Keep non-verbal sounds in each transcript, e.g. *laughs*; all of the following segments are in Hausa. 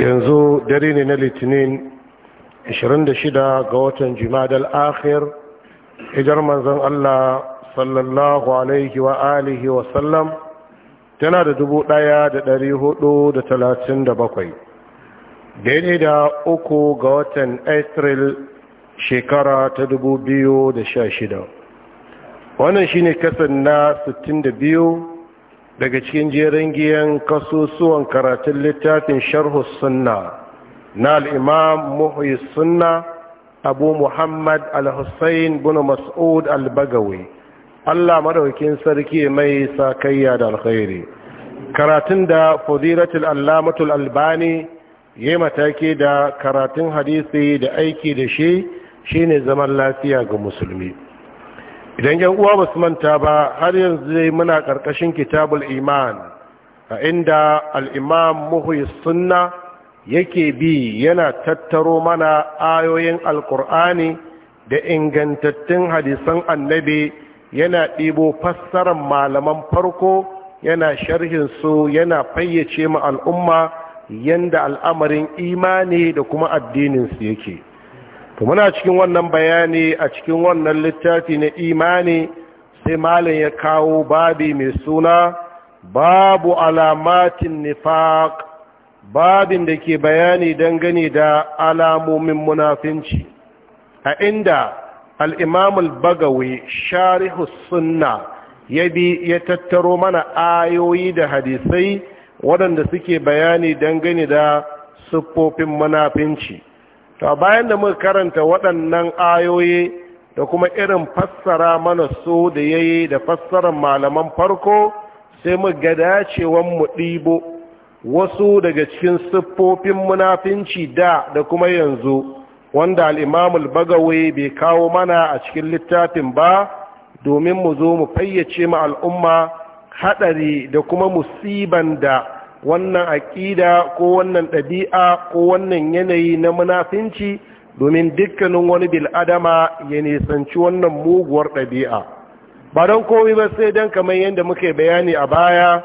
yanzu dare ne na litinin 26 ga watan jimadal akhir idan manzon Allah sallallahu alaihi wa alihi wa sallam tana da 1437 daidai da uku ga watan april shekara ta 2016 wannan shine kasan na 62 daga cikin jerin giyan kasusuwan karatun littafin sharhu sunna na al'imam muhyi sunna abu muhammad al-hussein bin mas'ud al-bagawi allah madaukin sarki mai sakayya da alkhairi karatun da fadilatul allamatul albani ya mataki da karatun hadisi da aiki da shi shine zaman lafiya ga musulmi idan yan uwa ba su manta ba har yanzu dai muna ƙarƙashin kitabul iman a inda al'imam muhuyi sunna yake bi yana tattaro mana ayoyin alƙur'ani da ingantattun hadisan annabi yana ɗibo fassarar malaman farko yana sharhin su yana fayyace ma al'umma yanda al'amarin imani da kuma addininsu yake to muna cikin wannan bayani a cikin wannan littafi na imani sai malin ya kawo babi mai suna babu alamatin nifaq babin da ke bayani dangane da alamomin munafinci a inda al'imamul bagawi sharihus sunna ya bi ya tattaro mana ayoyi da hadisai waɗanda suke bayani dangane da siffofin munafinci ta bayan da muka karanta waɗannan ayoyi da kuma irin fassara mana su da ya yi da fassarar malaman farko sai mu gada dacewan mu ɗibo wasu daga cikin siffofin munafinci da da kuma yanzu wanda al'imamul bagawai bai kawo mana a cikin littafin ba domin mu zo mu fayyace ma al'umma haɗari da kuma musiban da wannan aƙida ko wannan ɗabi'a ko wannan yanayi na munafinci domin dukkanin wani bil'adama ya nisanci wannan muguwar ɗabi'a ba don komi ba sai don kamar yadda muka bayani a baya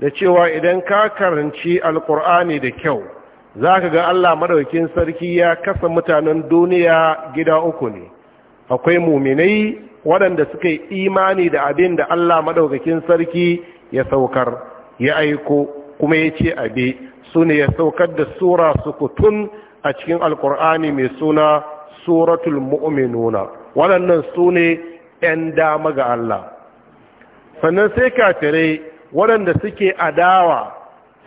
da cewa idan ka karanci Alƙur'ani da kyau za ka ga allah maɗaukin sarki ya kasa mutanen duniya gida uku ne akwai muminai waɗanda suka yi imani da abin da allah maɗaukakin sarki ya saukar ya aiko kuma ya ce abi su ne ya saukar da sura sukutun a cikin alkur'ani mai suna suratul mu'minuna waɗannan su ne 'yan dama ga Allah sannan sai kafirai waɗanda suke adawa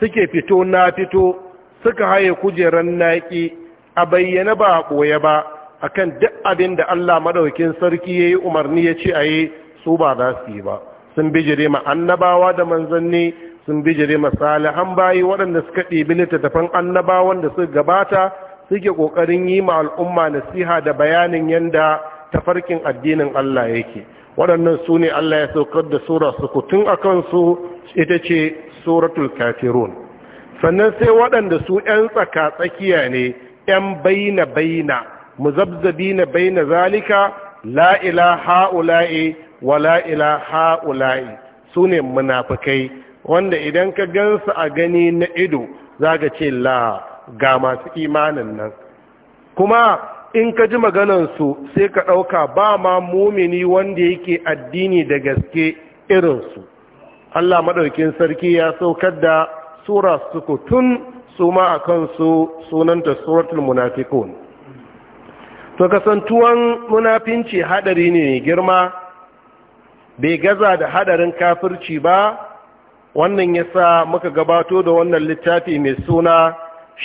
suke fito na fito suka haye kujerar naƙi a bayyana ba a ɓoye ba akan duk abin da Allah maɗaukin sarki ya yi umarni ya ce a yi su ba za su yi ba sun bijire ma annabawa da manzanni sun bijire masalihan bayi waɗanda suka ɗibi littattafan annabawan da suka gabata suke ƙoƙarin yi ma al'umma nasiha da bayanin yadda tafarkin addinin Allah yake waɗannan su ne Allah ya saukar da sura su ku, tun akan kansu ita ce suratul kafirun sannan sai waɗanda su 'yan tsaka tsakiya ne 'yan baina baina na baina zalika la'ila ila ha'ula'i wa la ila ha'ula'i su ne munafukai. wanda idan ka gansu a gani na ido za ka ce la ga masu imanin nan kuma in ka ji maganansu sai ka ɗauka ba ma mumini wanda yake addini da gaske irinsu Allah maɗaukin sarki ya saukar da sura sukutun su ma a kansu sunanta suratul munafikun to kasantuwan munafinci haɗari ne girma bai gaza da haɗarin kafirci ba wannan ya sa muka gabato da wannan littafi mai suna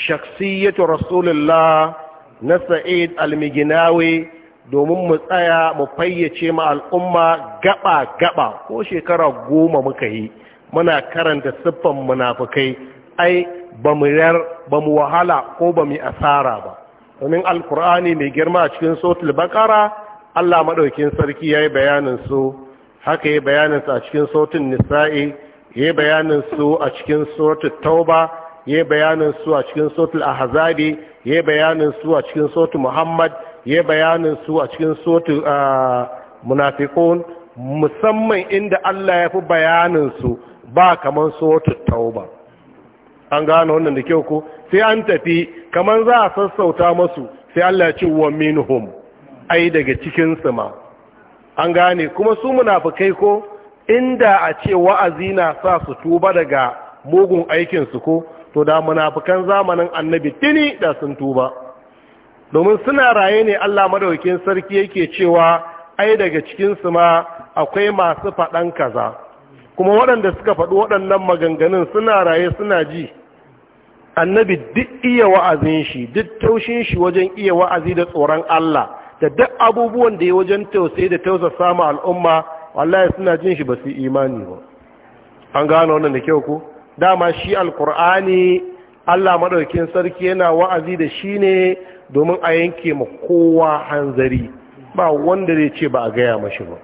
shaksiyyatu rasulullah na sa'id almiginawi domin mu tsaya mu fayyace ma al'umma gaba gaba ko shekara goma muka yi muna karanta siffan munafukai ai ba mu yar ba mu wahala ko ba mu asara ba domin alkur'ani mai girma a cikin sotul bakara Allah maɗaukin sarki ya yi bayanin su haka yi bayanin su a cikin sautin nisa'i ya bayanin su a cikin suratul tauba ya bayanin su a cikin suratul ahazadi ya bayanin su a cikin suratul muhammad ya bayanin su a cikin suratul ah, munafikun. musamman inda Allah ya fi bayanin su ba kamar suratul tauba an gano wannan da kyau ku sai an tafi kamar za a sassauta masu sai Allah ya ci wa minhum ai daga cikin su ma an gane kuma su munafikai ko inda a ce wa'azi na sa su tuba daga mugun aikinsu ko to da munafukan zamanin annabi tuni da sun tuba domin suna raye ne Allah madaukin sarki yake cewa ai daga cikinsu ma akwai masu faɗan kaza kuma waɗanda suka faɗi waɗannan maganganun suna raye suna ji annabi duk iya wa'azin shi duk taushin shi wajen iya wa'azi da tsoron Allah da duk abubuwan da ya wajen tausayi da tausa samun al'umma wallahi suna jin shi ba su imani ba an gano wannan da kyau ko dama shi alkur'ani Allah maɗaukin sarki yana wa'azi da shi ne domin a yanke ma kowa hanzari ba wanda zai ce ba a gaya mashi ba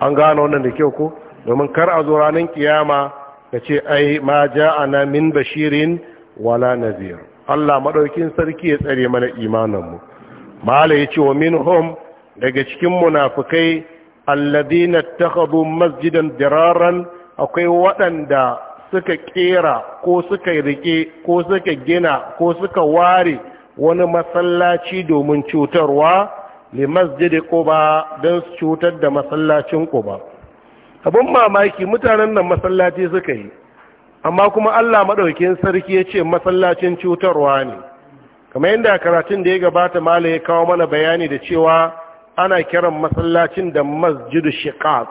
an gano wannan da kyau ko domin kar a zo ranar kiyama ka ce ai ma ja'ana min bashirin wala nazir Allah maɗaukin sarki ya tsare mana mu mala ya ce wa min hom daga cikin munafukai alladhina takhadhu masjidan diraran akwai waɗanda suka kera ko suka rike ko suka gina ko suka ware wani masallaci domin cutarwa li masjidi quba don cutar da masallacin quba abun mamaki mutanen nan masallaci suka yi amma kuma Allah maɗaukin sarki ya ce masallacin cutarwa ne kamar yadda karatun da ya gabata malai ya kawo mana bayani da cewa ana kiran masallacin da masjidu shiqaq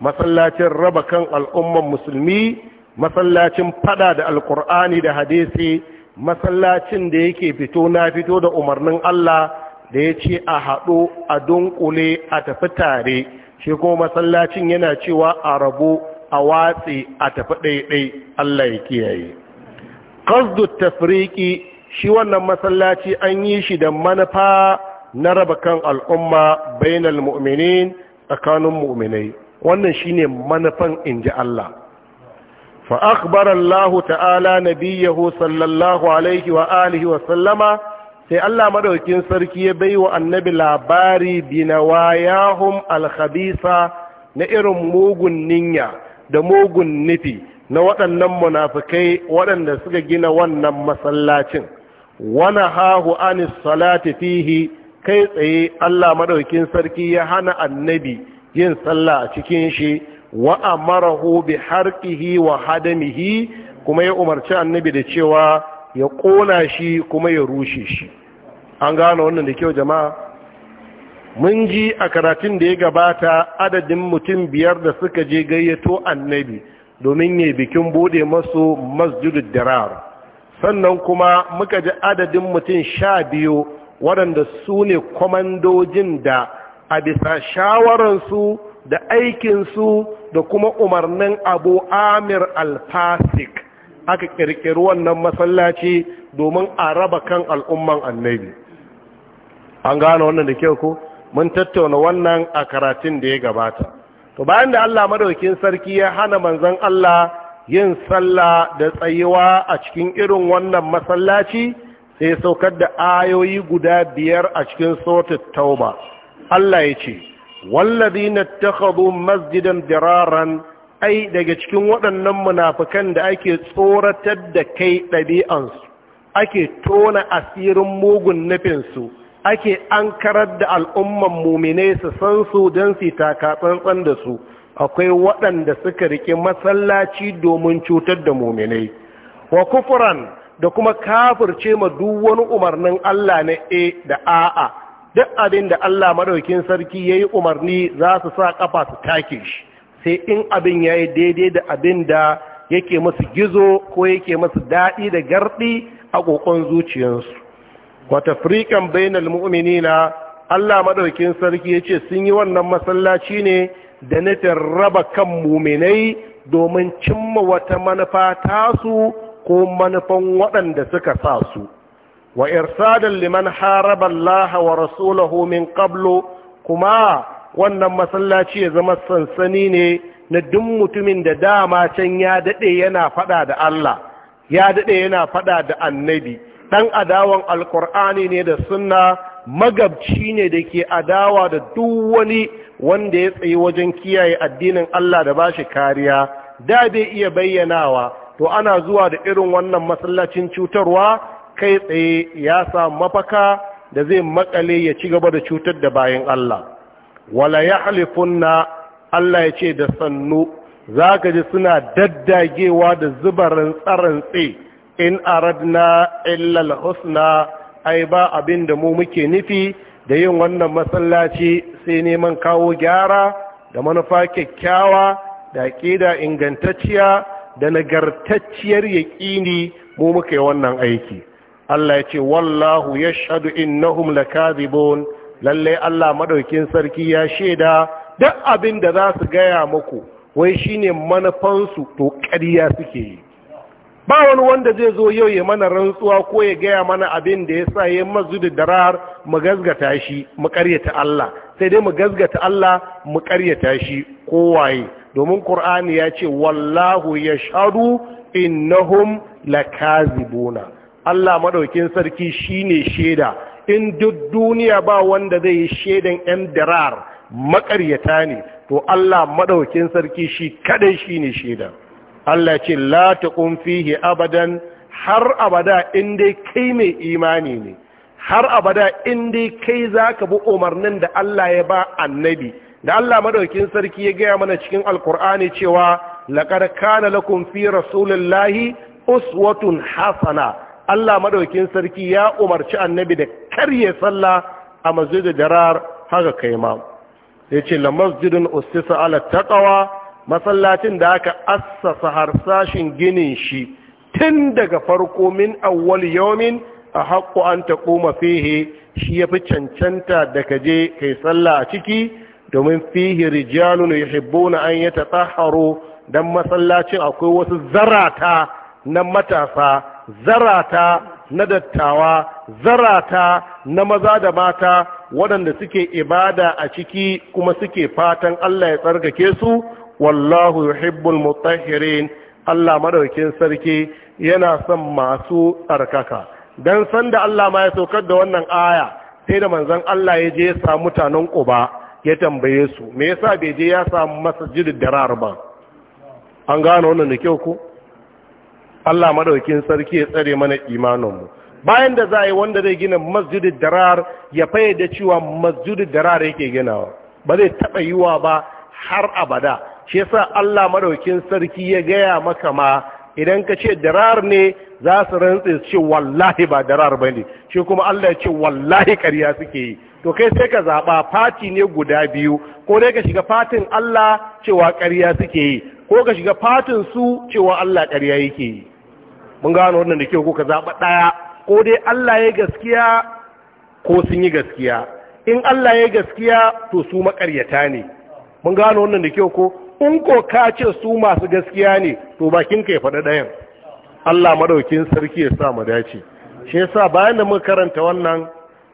masallacin raba kan al'umman musulmi masallacin fada da alkur'ani da hadisi masallacin da yake fito na fito da umarnin Allah da ya ce a hado a dunkule a tafi tare shi kuma masallacin yana cewa a rabo a watsi a tafi ɗaiɗai Allah ya kiyaye qasdu tafriqi shi wannan masallaci an yi shi da manufa na raba kan al'umma bainal mu'minin tsakanin mu'minai wannan shine manufan inji Allah fa akhbara Allah ta'ala nabiyahu sallallahu alaihi wa alihi wa sallama sai Allah madaukin sarki ya baiwa annabi labari binawayahum al-khabisa na irin mugun ninya da mugun nufi na waɗannan munafikai waɗanda suka gina wannan masallacin wana hahu anis salati fihi kai tsaye Allah madaukin sarki ya hana annabi yin sallah a cikin shi wa amarahu bi harqihi wa hadamihi kuma ya umarci annabi da cewa ya kona shi kuma ya rushe shi an gano wannan da kyau jama'a mun ji a karatun da ya gabata adadin mutum biyar da suka je gayyato annabi domin ya bikin bude masu masjidud dirar sannan kuma muka ji adadin mutum sha biyu waɗanda su ne kwamandojin da a bisa shawararsu da aikinsu da kuma umarnin abu amir alfasik aka ƙirƙiri wannan masallaci domin a raba kan al'umman annabi an gano wannan da kyau ko mun tattauna wannan a karatun da ya gabata to bayan da Allah madaukin sarki ya hana manzon Allah yin sallah da tsayuwa a cikin irin wannan masallaci sai saukar da ayoyi guda biyar a cikin sautar tauba Allah ya ce wallazi na takhadu masjidan diraran ai daga cikin waɗannan munafukan da ake tsoratar da kai ɗabi'ansu ake tona asirin mugun nufinsu ake ankarar da al'umman mumine su san su don su taka tsantsan da su akwai waɗanda suka rike masallaci domin cutar da muminai wa kufuran da kuma kafirce ma duk wani umarnin Allah na e da a'a duk abin da Allah maɗaukin sarki ya yi umarni za su sa ƙafa su take shi sai in abin ya yi daidai da abin da yake masu gizo ko yake masu daɗi da garɗi a kokon zuciyarsu Wata firikan bainal mu'minina Allah maɗaukin sarki ya ce sun yi wannan masallaci ne da nufin raba kan muminai domin cimma wata manufa tasu ko manufan waɗanda suka sa su wa irsadin liman haraba Allah wa rasulahu min qablu kuma wannan masallaci ya zama sansani ne na duk mutumin da dama can ya daɗe yana faɗa da Allah ya daɗe yana faɗa da annabi ɗan adawan alkur'ani ne da sunna magabci ne da ke adawa da duk wani wanda ya tsaye wajen kiyaye addinin Allah da ba shi kariya da bai iya bayyanawa to ana zuwa da irin wannan masallacin cutarwa kai tsaye ya samu mafaka da zai makale ya ci gaba da cutar da bayan Allah wala ya halifunna Allah ya ce da sannu za ka ji suna daddagewa da zubarin tsarantse in aradna illal husna ai ba abin da mu muke nufi da yin wannan masallaci sai neman kawo gyara da manufa kyakkyawa da ƙida ingantacciya da nagartacciyar yaƙini mu muka yi wannan aiki Allah ya ce wallahu ya yashhadu innahum lakadibun lalle Allah madaukin sarki ya sheda duk abin da za su gaya muku wai shine manufansu to ƙarya suke yi ba wani wanda zai zo yau ya mana rantsuwa ko ya gaya mana abin da ya sa ya mazu da darar mu gazgata shi mu ƙaryata Allah sai dai mu gazgata Allah mu ƙaryata shi kowaye domin ƙur'ani ya ce wallahu ya sharu innahum lakazibuna Allah maɗaukin sarki shine shaida in duk duniya ba wanda zai yi shaidan yan dirar makaryata ne to Allah maɗaukin sarki shi kadai shine shaida Allah ce la taqum fihi abadan har abada in dai kai mai imani ne har abada in dai kai zaka bi umarnin da Allah ya ba annabi da Allah madaukin sarki ya gaya mana cikin alkur'ani cewa laqad kana lakum fi rasulillahi uswatun hasana Allah madaukin sarki ya umarci annabi da karye sallah a masjidul darar haka kai ma yace la masjidun ussisa ala taqwa masallacin da aka assasa harsashin ginin shi tun daga farko min awwal yawmin a haƙƙo an taƙoma fehe shi ya fi cancanta da kaje kai sallah a ciki domin fihi rijalun yuhibbuna an tsaharo dan masallacin akwai wasu zarata na matasa zarata na dattawa zarata na maza da mata waɗanda suke ibada a ciki kuma suke fatan Allah ya tsarkake su wallahu yuhibbul mutahhirin Allah madaukin sarki yana son masu tsarkaka dan sanda Allah ma ya saukar da wannan aya sai da manzon Allah ya je ya samu mutanen Quba ya tambaye su me yasa bai je ya samu masjidin darar ba an gano wannan da kyau ko Allah madaukin sarki ya tsare mana imanin mu bayan da za wanda zai gina masjidin darar ya da cewa masjidin darar yake ginawa ba zai taɓa yiwa ba har abada shi yasa Allah madaukin sarki ya gaya maka ma idan ka ce dirar ne za su rantsi su ce wallahi ba dirar ba ne shi kuma Allah ya ce wallahi ƙarya suke yi to kai sai ka zaɓa fati ne guda biyu ko dai ka shiga fatin Allah cewa ƙarya suke yi ko ka shiga fatin su cewa Allah ƙarya yake yi mun gano wannan da kyau ko ka zaɓa ɗaya ko dai Allah ya gaskiya ko sun yi gaskiya in Allah ya gaskiya to su maƙaryata ne mun gano wannan da kyau ko in ko ka ce su masu gaskiya ne to bakin ka ya faɗi ɗayan Allah madaukin sarki ya sa mu dace shi yasa bayan da muka karanta wannan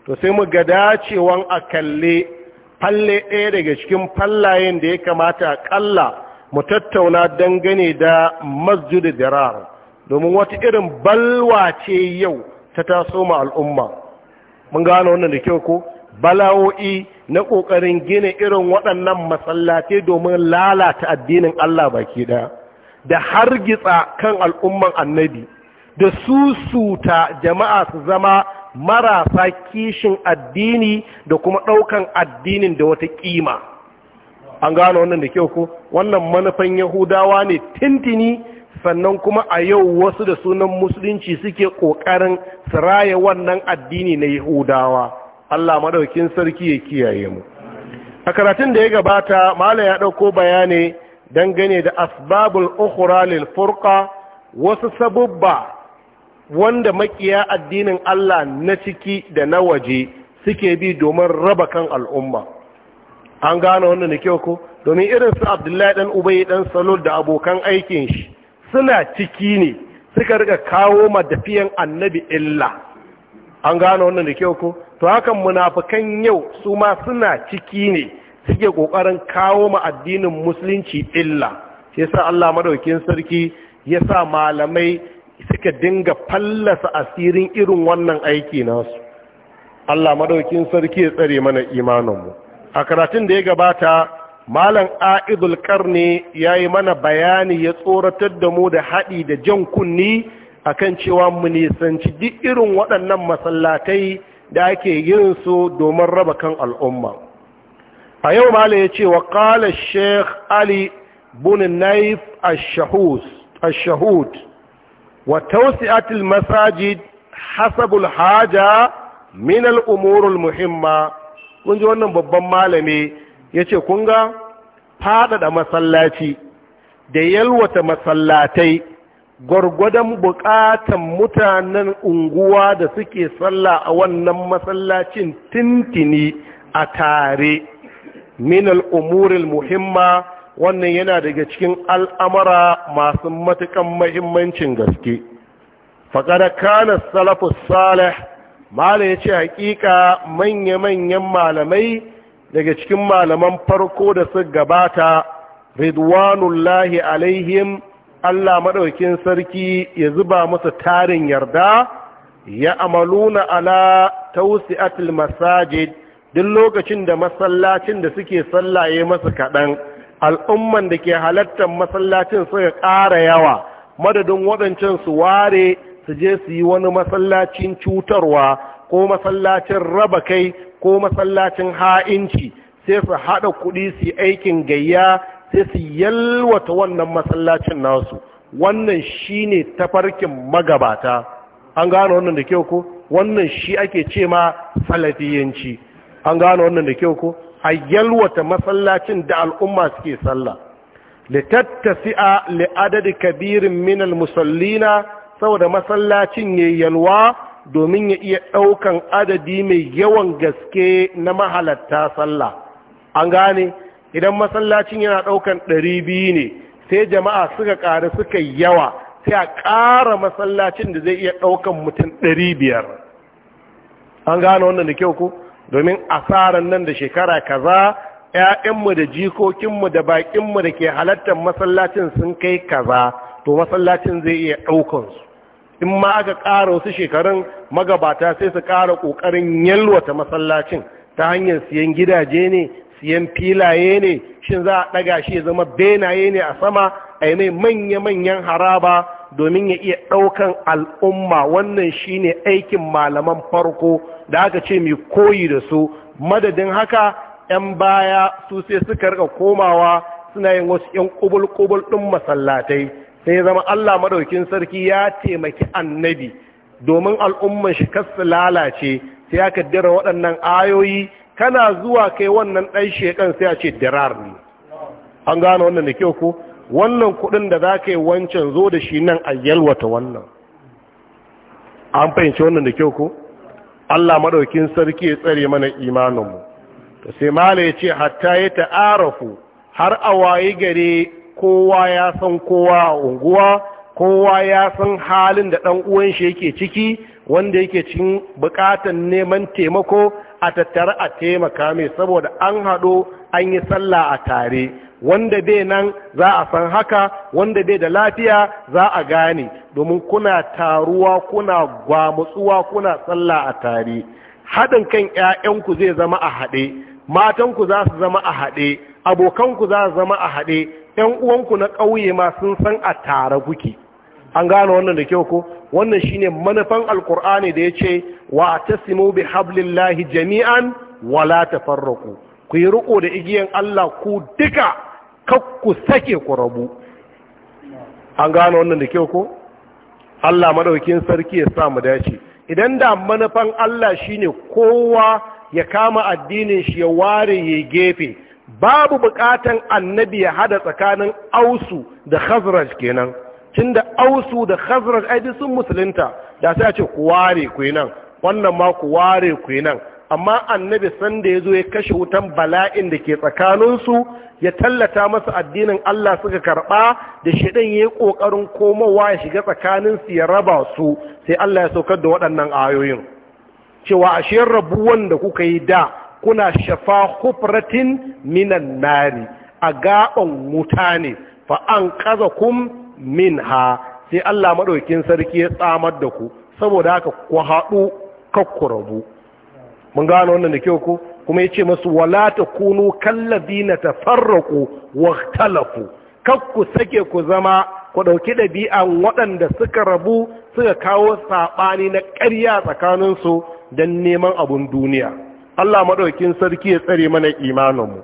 to sai mu ga dacewan a kalle falle ɗaya daga cikin fallayen da ya kamata ƙalla mu tattauna dangane da masjid dirar domin wata irin balwa ce yau ta taso ma al'umma mun gano wannan da kyau ko bala'o'i na ƙoƙarin gina irin waɗannan masallatai domin lalata addinin Allah baki ɗaya da hargitsa kan al'umman annabi da susuta jama'a su zama marasa kishin addini da kuma ɗaukan addinin da wata ƙima an gano wannan da kyau ko wannan manufan yahudawa ne tintini sannan kuma a yau wasu da sunan musulunci suke ƙoƙarin su wannan addini na yahudawa Allah madaukin sarki ya kiyaye mu a karatun da ya gabata malam ya ɗauko bayani dangane da asbabul ukhra lil furqa wasu sabubba wanda makiya addinin Allah na ciki da na waje suke bi domin raba kan al'umma an gano wannan da kyau ko domin irin su Abdullahi dan Ubay dan Salul da abokan aikin shi suna ciki ne suka rika kawo madafiyan annabi illa an gano wannan da kyau ko to hakan munafikan yau su ma suna ciki ne suke kokarin kawo ma addinin musulunci illa shi yasa Allah madaukin sarki yasa malamai suka dinga fallasa asirin irin wannan aiki nasu Allah madaukin sarki ya tsare mana imanin mu a karatun da ya gabata malam aidul karni yayi mana bayani ya tsoratar da mu da haɗi da jan kunni akan cewa mu nisanci duk irin waɗannan masallatai da ake yin su domin raba kan al'umma a yau mala ya ce wa sheikh ali bunin naif ashahud wa tausiatul masajid hasabul haja min al'umurul muhimma kun ji wannan babban malami ya ce kun ga faɗaɗa masallaci da yalwata masallatai gwargwadon buƙatan mutanen unguwa da suke sallah a wannan masallacin tintini a tare minal umuril muhimma wannan yana daga cikin al'amara masu matuƙan mahimmancin gaske faƙada kana salafus salih mala ya ce hakika manya-manyan malamai daga cikin malaman farko da su gabata ridwanullahi alaihim Allah maɗaukin sarki ya zuba musu tarin yarda ya amaluna ala tausi'atul masajid duk lokacin da masallacin da suke sallaye masa kaɗan al'umman da ke halattar masallacin suka ƙara yawa madadin waɗancan su ware su je su yi wani masallacin cutarwa ko masallacin raba kai ko masallacin ha'inci sai su haɗa kuɗi su aikin gayya sai su yalwata wannan masallacin nasu wannan shine tafarkin magabata an gano wannan da kyau ko wannan shi ake ce ma salafiyanci an gano wannan da kyau ko a yalwata masallacin da al'umma suke sallah litattasi'a li'adadi kabirin minal musallina saboda masallacin ya yalwa domin ya iya ɗaukan adadi mai yawan gaske na mahalatta sallah an gane idan masallacin yana ɗaukan ɗari biyu ne sai jama'a suka ƙari suka yawa sai a ƙara masallacin da zai iya ɗaukan mutum ɗari biyar an gano wannan da kyau ko domin asaran nan da shekara kaza ‘ya'yanmu da jikokinmu da baƙinmu da ke halattar masallacin sun kai kaza to masallacin zai iya su in ma aka ƙara wasu shekarun magabata sai su ƙara ƙoƙarin yalwata masallacin ta hanyar siyan gidaje ne siyan filaye ne shin za a ɗaga shi ya zama benaye ne a sama a mai manya-manyan haraba domin ya iya ɗaukan al'umma wannan shi ne aikin malaman farko da aka ce mai koyi da su madadin haka 'yan baya su sai suka rika komawa suna yin wasu 'yan ƙubul-ƙubul ɗin masallatai sai zama allah maɗaukin sarki ya taimaki annabi domin al'umman shi kasu lalace sai aka dira waɗannan ayoyi kana zuwa kai wannan ɗan shekan sai a ce dirar ne an gano wannan da kyau ko wannan kuɗin da za ka yi wancan zo da shi nan a yalwata wannan an fahimci wannan da kyau ko Allah madaukin sarki ya tsare mana imaninmu to sai mala ya ce hatta ya ta'arafu har a waye gare kowa ya san kowa a unguwa kowa ya san halin da ɗan uwan shi yake ciki wanda yake cikin bukatan neman taimako a tattara a taimaka mai saboda an haɗo an yi sallah a tare wanda bai nan za a san haka wanda bai da lafiya za a gane domin kuna taruwa kuna gwamutsuwa kuna sallah a tare haɗin kan 'ya'yanku zai zama a haɗe matanku za su zama a haɗe abokanku za su zama a haɗe 'yan uwanku na ƙauye ma sun san a tare kuke an gane wannan da kyau ko wannan shine manufan alkur'ani da yace wa tasimu bi hablillahi jami'an wala tafarraqu ku yi riko da igiyan Allah ku duka kakku sake ku rabu an gane wannan da kyau ko Allah madaukin sarki ya sa mu dace idan da manufan Allah shine kowa ya kama addinin shi ya ware ya gefe babu bukatan annabi ya hada tsakanin ausu da khazraj kenan Tunda ausu da khazraj ai sun musulunta da sai a ce ku ware ku nan wannan ma ku ware ku nan amma annabi sanda ya zo ya kashe wutan bala'in da ke tsakaninsu ya tallata masa addinin Allah suka karɓa da shedan yayi kokarin ƙoƙarin komowa ya shiga tsakaninsu ya raba su sai Allah ya saukar da waɗannan ayoyin cewa ashe rabuwan da kuka yi da kuna shafa hufratin minan nari a gaban mutane fa an kaza kum Min ha sai Allah maɗaukin sarki ya tsamar da ku saboda haka ku haɗu kakkurabu rabu mun gano wannan da kyau ko kuma ce masu wala takunu kallazina tafarraqu wahtalafu kakku sake ku zama ku ɗauki ɗabi'an waɗanda suka rabu suka kawo saɓani na ƙarya tsakaninsu don neman abun duniya Allah maɗaukin sarki ya tsare mana imanin mu.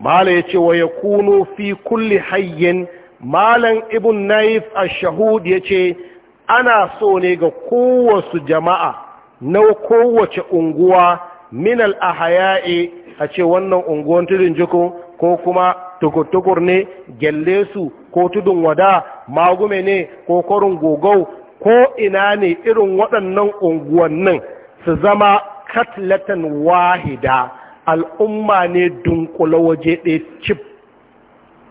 mala ya ce wa ya kunu fi kulli hayyin malam ibn naif ash-shahud yace ana so ne ga kowace jama'a na kowace unguwa min al-ahya'i a ce wannan unguwan tudun jiko ko kuma tukur ne gelle su ko tudun wada magume ne ko korin gogau ko ina ne irin waɗannan unguwannin su zama katlatan wahida al'umma ne dunkula waje ɗaya cip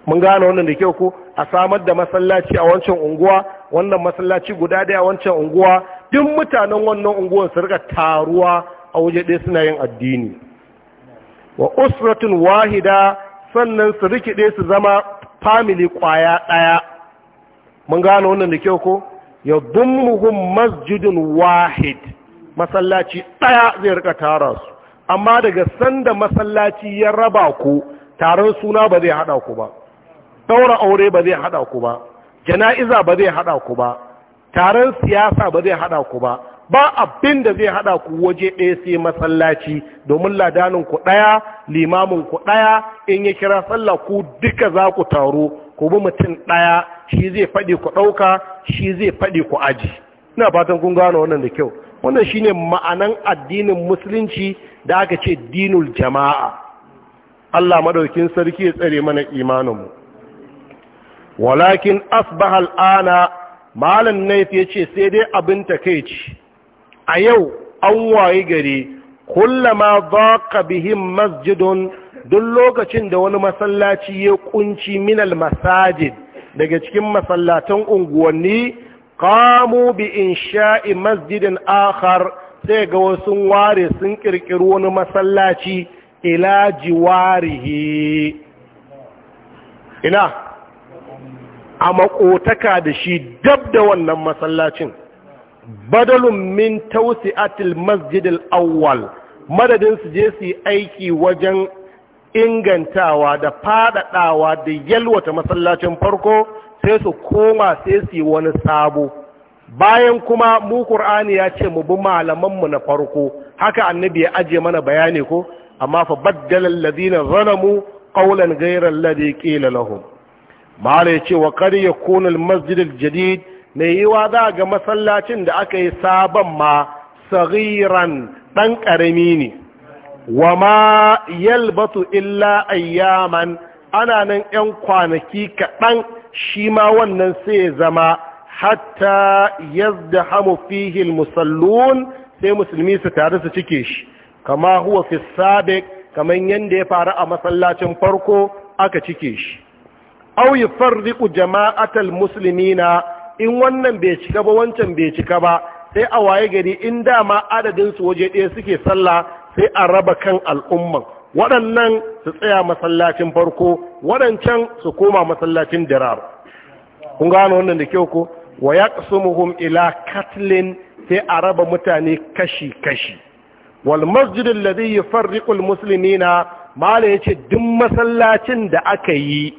mun gane wannan da ke uku, a samar da masallaci a wancan unguwa wannan masallaci guda daya a wancan unguwa duk mutanen wannan unguwar su rika taruwa a waje ɗaya suna yin addini wa usratun wahida sannan su rikide su zama family kwaya ɗaya mun gane wannan da ke ko ya dummuhum masjidun wahid masallaci ɗaya zai rika tara su amma daga sanda masallaci ya raba ku taron suna ba zai haɗa ku ba daura aure ba zai haɗa ku ba jana'iza ba zai haɗa ku ba taron siyasa ba zai haɗa ku ba ba abin da zai haɗa ku waje ɗaya sai masallaci domin ladanin ku ɗaya limamin ku ɗaya in ya kira sallah ku duka za ku taro ku bi mutum ɗaya shi zai faɗi ku ɗauka shi zai faɗi ku aji ina fatan kun gano wannan da kyau wannan shine ma'anan addinin musulunci da aka ce dinul jama'a Allah madaukin sarki ya tsare mana imaninmu walakin asbaha al'ana malam naif ya ce sai dai abin ci. a yau an waye gari kullama baka bihin masjidun duk lokacin da wani masallaci ya kunci minal masajid daga cikin masallatan unguwanni kamu bi insha'i masjidin akhar sai ga wasu ware sun kirkiri wani masallaci ila jiwarihi ina a makotaka da shi dab da wannan masallacin badalun min tausi'atil masjidil awwal madadin su je su aiki wajen ingantawa da faɗaɗawa da yalwata masallacin farko sai su koma sai su yi wani sabo bayan kuma mu qur'ani ya ce mu bi malamanmu na farko haka annabi ya ajiye mana bayani ko amma fa baddala alladhina zalamu qawlan ghayra alladhi qila lahum mala ya ce wa kariya kunul masjidil jadid mai yiwa za ga masallacin da aka yi sabon ma sagiran ɗan ƙarami ne wa ma yalbatu illa ayyaman ana nan 'yan kwanaki kaɗan shi ma wannan sai ya zama hatta yadda hamu fihil musallun sai musulmi su tare su cike shi kama huwa fi sabiq kaman yanda ya faru a masallacin farko aka cike shi aw yufarriqu jama'atal musulmina in wannan bai cika ba wancan bai cika ba sai a waye gari in dama adadin su waje ɗaya suke sallah sai a raba kan al'umman waɗannan su tsaya masallacin farko waɗancan su koma masallacin dirar kun gano wannan da kyau ko wa ya yaqsumuhum ila katlin sai a raba mutane kashi kashi wal masjid alladhi yufarriqu al muslimina mala ce duk masallacin da aka yi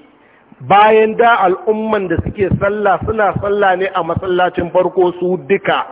bayan da al'umman da suke sallah suna sallah ne a masallacin farko su duka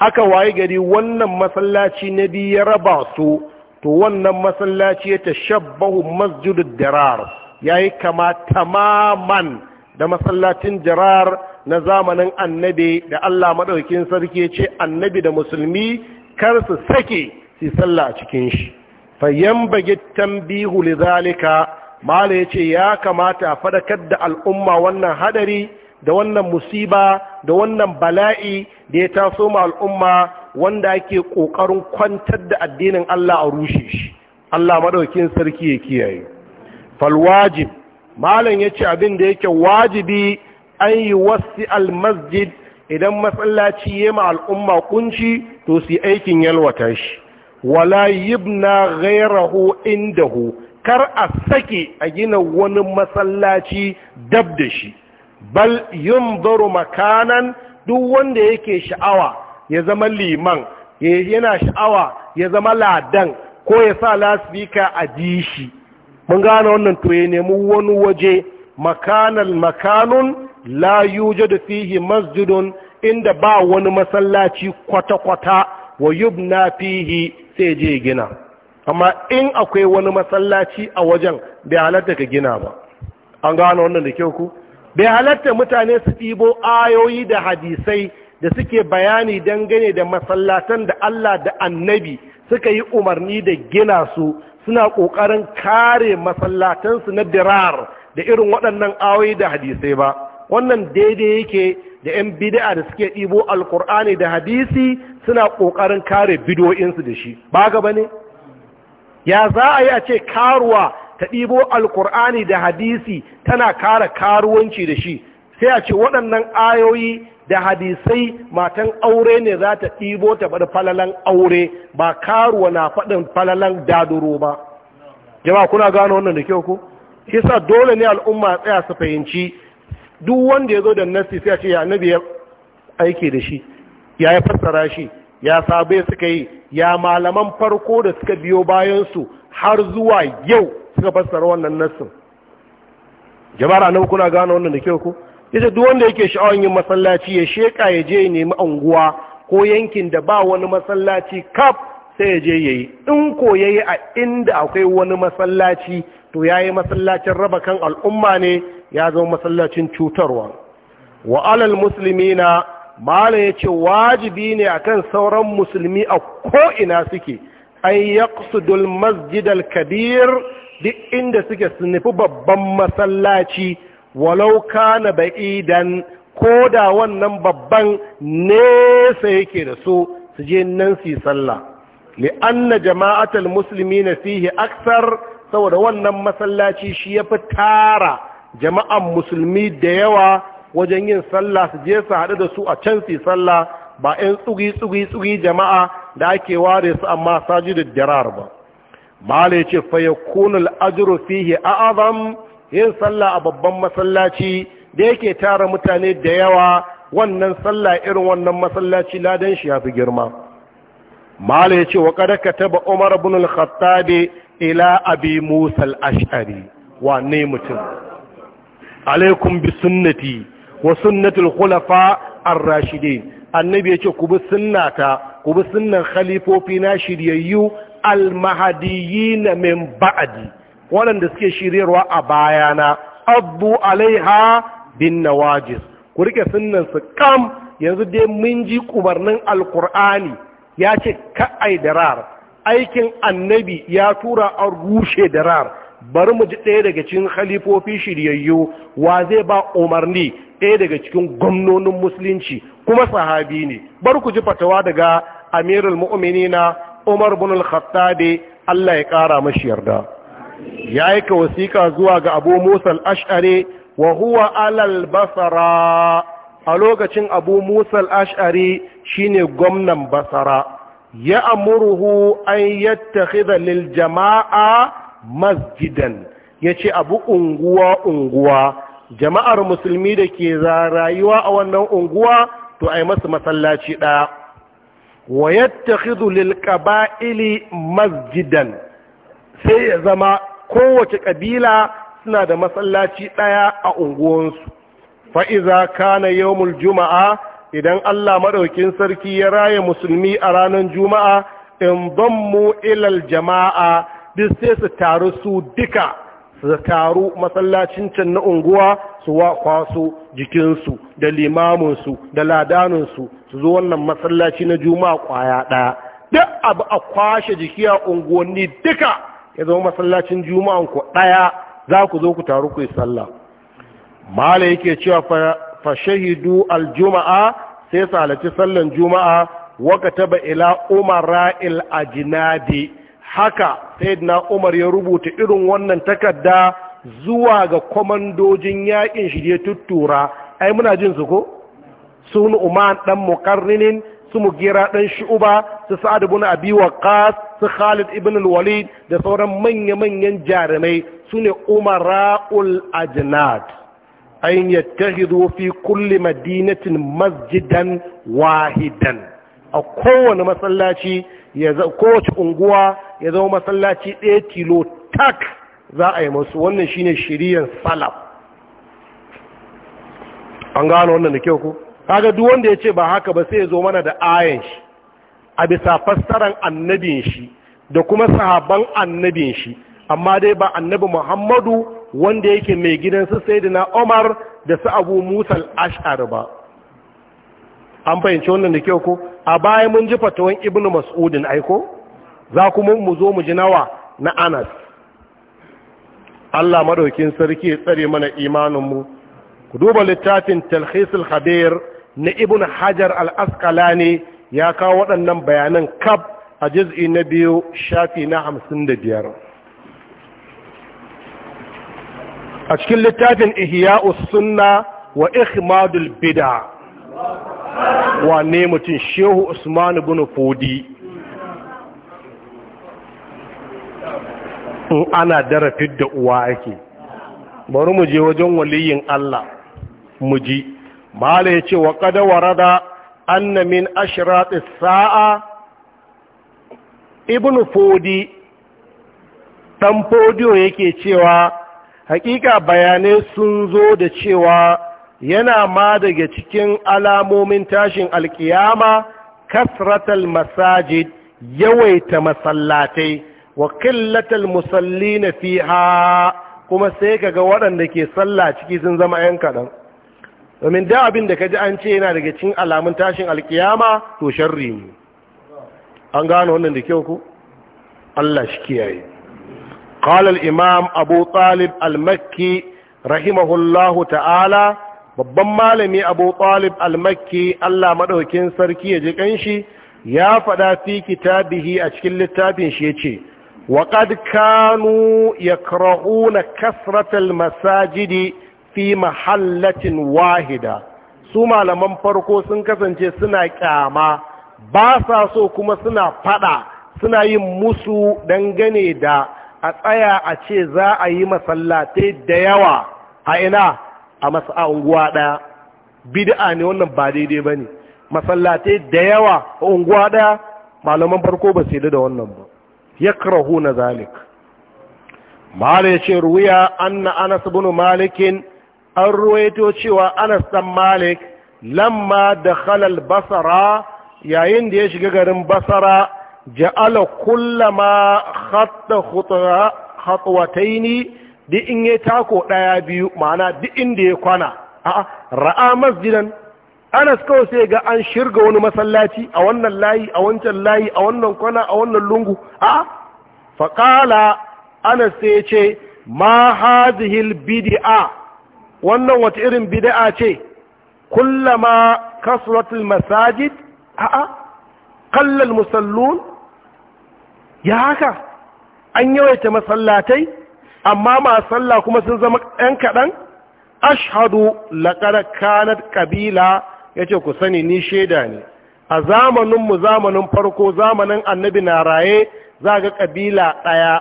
aka waye gari wannan masallaci na biyu ya raba su to wannan masallaci ya ta tashabbahu masjidud dirar yayi kama tamaman da masallacin dirar na zamanin annabi da Allah maɗaukin sarki ya ce annabi da musulmi kar su sake su sallah a cikin shi fayyan bagi tambihu zalika. mala ya ce ya kamata a fadakar da al'umma wannan hadari da wannan musiba da wannan bala'i da ya taso ma al'umma wanda ake ƙoƙarin kwantar da addinin Allah a rushe shi Allah madaukin sarki ya kiyaye falwajib malam ya ce abin da yake wajibi an yi wasi masjid idan masallaci ya ma al'umma kunci to su aikin yalwata shi wala yibna ghayrahu indahu kar a sake a gina wani masallaci dab da shi bal yin baro makanan duk wanda yake sha'awa ya zama liman yana sha'awa ya zama ladan ko ya sa lasbika a ji shi mun gane wannan to ya nemi wani waje makana'n makanun la da fihi masjidun inda ba wani masallaci kwata-kwata wa yubna fihi sai je gina amma in akwai wani masallaci a wajen bai halatta ka gina ba an gano wannan da kyau ku bai halatta mutane su ɗibo ayoyi da hadisai da suke bayani dangane da masallatan da Allah da annabi suka yi umarni da gina su suna ƙoƙarin kare masallatansu na dirar da irin waɗannan ayoyi da hadisai ba wannan daidai yake da 'yan bid'a da suke ɗibo alkur'ani da hadisi suna ƙoƙarin kare bidoyinsu da shi ba ga ba ne ya za a yi a ce karuwa ta ɗibo alkur'ani da hadisi tana kara karuwanci da shi sai a ce waɗannan ayoyi da hadisai matan aure ne za ta ɗibo ta faɗi falalan aure ba karuwa na faɗin falalan daduro ba jama'a kuna gano wannan da kyau ko sa dole ne al'umma tsaya su fahimci duk wanda ya zo da nasi sai a ce ya nabi ya aiki da shi ya yi fassara shi ya sabai suka yi ya malaman farko da suka biyo bayansu har zuwa yau suka fassara wannan nassin jama'ar annabi kuna gane wannan da kyau ko yace duk wanda yake sha'awar yin masallaci ya sheka ya je ya nemi anguwa ko yankin da ba wani masallaci kaf sai ya je yayi in ko yayi a inda akwai wani masallaci to yayi masallacin raba kan al'umma ne ya zama masallacin cutarwa wa alal muslimina mala ya ce wajibi ne akan sauran musulmi a ko'ina suke an Dulmas masjidal kabir duk inda suke su babban masallaci walau kana baƙi ko da wannan babban nesa yake da so su je nan su yi sallah li'anna jama'atul na fihe aksar saboda wannan masallaci shi ya fi tara jama'an musulmi da yawa wajen yin sallah su je su haɗu da su a can su sallah ba 'yan tsugi tsugi tsugi jama'a da ake ware su amma da dirar ba mala yace fa kunul al fiye a azam yin sallah a babban masallaci da yake tara mutane da yawa wannan sallah irin wannan masallaci ladan shi fi girma mala ce, wa qad kataba umar ibn al-khattab ila abi musa al-ash'ari wa ne mutum alaikum bi sunnati wa sunnatul khulafa ar-rashidin annabi yace ku bi sunnata ku bi sunnan khalifofi na shiryayyu al-mahdiyyin min ba'di waɗanda suke shiryarwa a baya na, Abbu alaiha bin nawajis ku rike sunnan su kam yanzu dai mun ji kubarnin alkur'ani ya ce ka'ai darar aikin annabi ya tura an rushe darar bari mu ji ɗaya daga cikin khalifofi shiryayyu wa zai ba umarni ɗaya daga cikin gwamnonin musulunci kuma sahabi ne bari ku ji fatawa daga amirul mu'minina umar bin al-khattabi Allah ya kara mashi yarda ya ka wasiƙa zuwa ga abu musa al-ash'ari wa huwa alal basara a lokacin abu musa al-ash'ari shine gwamnan basara ya amuruhu an yattakhidha lil jama'a masjidan ya ce abu unguwa unguwa jama'ar musulmi da ke rayuwa a wannan unguwa to a yi masu masallaci ɗaya wa yadda lil qaba'ili masjidan sai ya zama kowace ƙabila suna da masallaci ɗaya a unguwansu fa'iza kana yawon juma'a idan Allah maɗaukin sarki ya raya musulmi a ranar juma'a in ban mu ilal jama'a duk sai su taru su duka su taru masallacin can na unguwa su wa kwaso jikinsu da limaminsu da ladaninsu su zo wannan masallaci na juma'a kwaya ɗaya duk abu a kwashe jiki a unguwanni duka ya zama masallacin juma'an ku ɗaya za ku zo ku taru ku yi sallah mala yake cewa fa shahidu aljuma'a sai su halarci sallan juma'a waka taba ila umara'il ajinadi haka sayyidina umar ya rubuta irin wannan takarda zuwa ga kwamandojin yakin shi ya tuttura ai muna jin su ko sun umar dan muqarrinin su mugira dan shu'uba su sa'ad ibn abi waqas su khalid ibn al-walid da sauran manya manyan jarumai sune umara'ul ajnad ayin yattahidu fi kulli madinatin masjidan wahidan a kowane masallaci ya kowace unguwa ya zama masallaci ɗaya tilo tak za a yi masu wannan shi ne shiriyar salaf an gano wannan da kyau ku kaga duk wanda ya ce ba haka ba sai ya zo mana da ayan shi a bisa fassaran annabin shi da kuma sahaban annabin shi amma dai ba annabi muhammadu wanda yake mai gidansu sai da na omar da su abu musal ashar ba an fahimci wannan da kyau ko a baya mun ji fatawan ibnu mas'udin aiko za kuma mu zo mu ji nawa na anas Allah madaukin sarki ya tsare mana imaninmu ku duba littafin talhisul khabir na ibn hajar al-asqalani ya kawo waɗannan bayanan kab a juz'i na biyu shafi na hamsin da biyar a cikin littafin ihya'us sunna wa ihmadul bid'a wane mutum shehu usman ibn fudi ana darafin da uwa ake bari mu je wajen waliyin Allah mu ji mala yace wa qad warada anna min ashratis sa'a ibn fodi dan fodiyo yake cewa hakika bayanai sun zo da cewa yana ma daga cikin alamomin tashin alkiyama kasratal masajid yawaita masallatai wa killatal musallina fiha kuma sai ka ga waɗanda ke sallah ciki sun zama yan kaɗan domin da abin da kaji an ce yana daga cikin alamun tashin alkiyama to sharri ne an gano wannan da kyau ku Allah shi kiyaye قال الإمام أبو طالب المكي رحمه الله تعالى babban malami abu talib al-makki Allah madaukin sarki ya ji kanshi ya faɗa fi kitabihi a cikin littafin shi yace وقد كانوا يكرهون كثرة المساجد في محلة wahida, su malaman farko sun kasance suna kyama ba sa so kuma suna faɗa, suna yin musu dangane da a tsaya a ce za a yi masallatai da yawa a ina a unguwa ɗaya bid'a ne wannan ba daidai ba ne masallatai da yawa a unguwa ɗaya malaman farko ba su da wannan ba na zalik mala yace ruya anna anas bunu malikin an ruwaito cewa anas dan malik lamma da khalal basara yayin da ya shiga garin basara ja'ala kullama khatta khutwa khatwataini duk in ya tako daya biyu ma'ana duk inda ya kwana a'a ra'a masjidan anas kawai sai ga an shirga wani masallaci a wannan layi a wancan layi a wannan kwana a wannan lungu a faƙala anas sai ce ma hazihil bid'a wannan wata irin bid'a ce kullama kasratul masajid 'a kallal musallun ya haka an yawaita masallatai amma masu sallah kuma sun zama yan kaɗan ashhadu laqad kanar ƙabila. ya ce ku sani ni shaida ne a zamaninmu zamanin farko zamanin annabi na raye za ga ƙabila ɗaya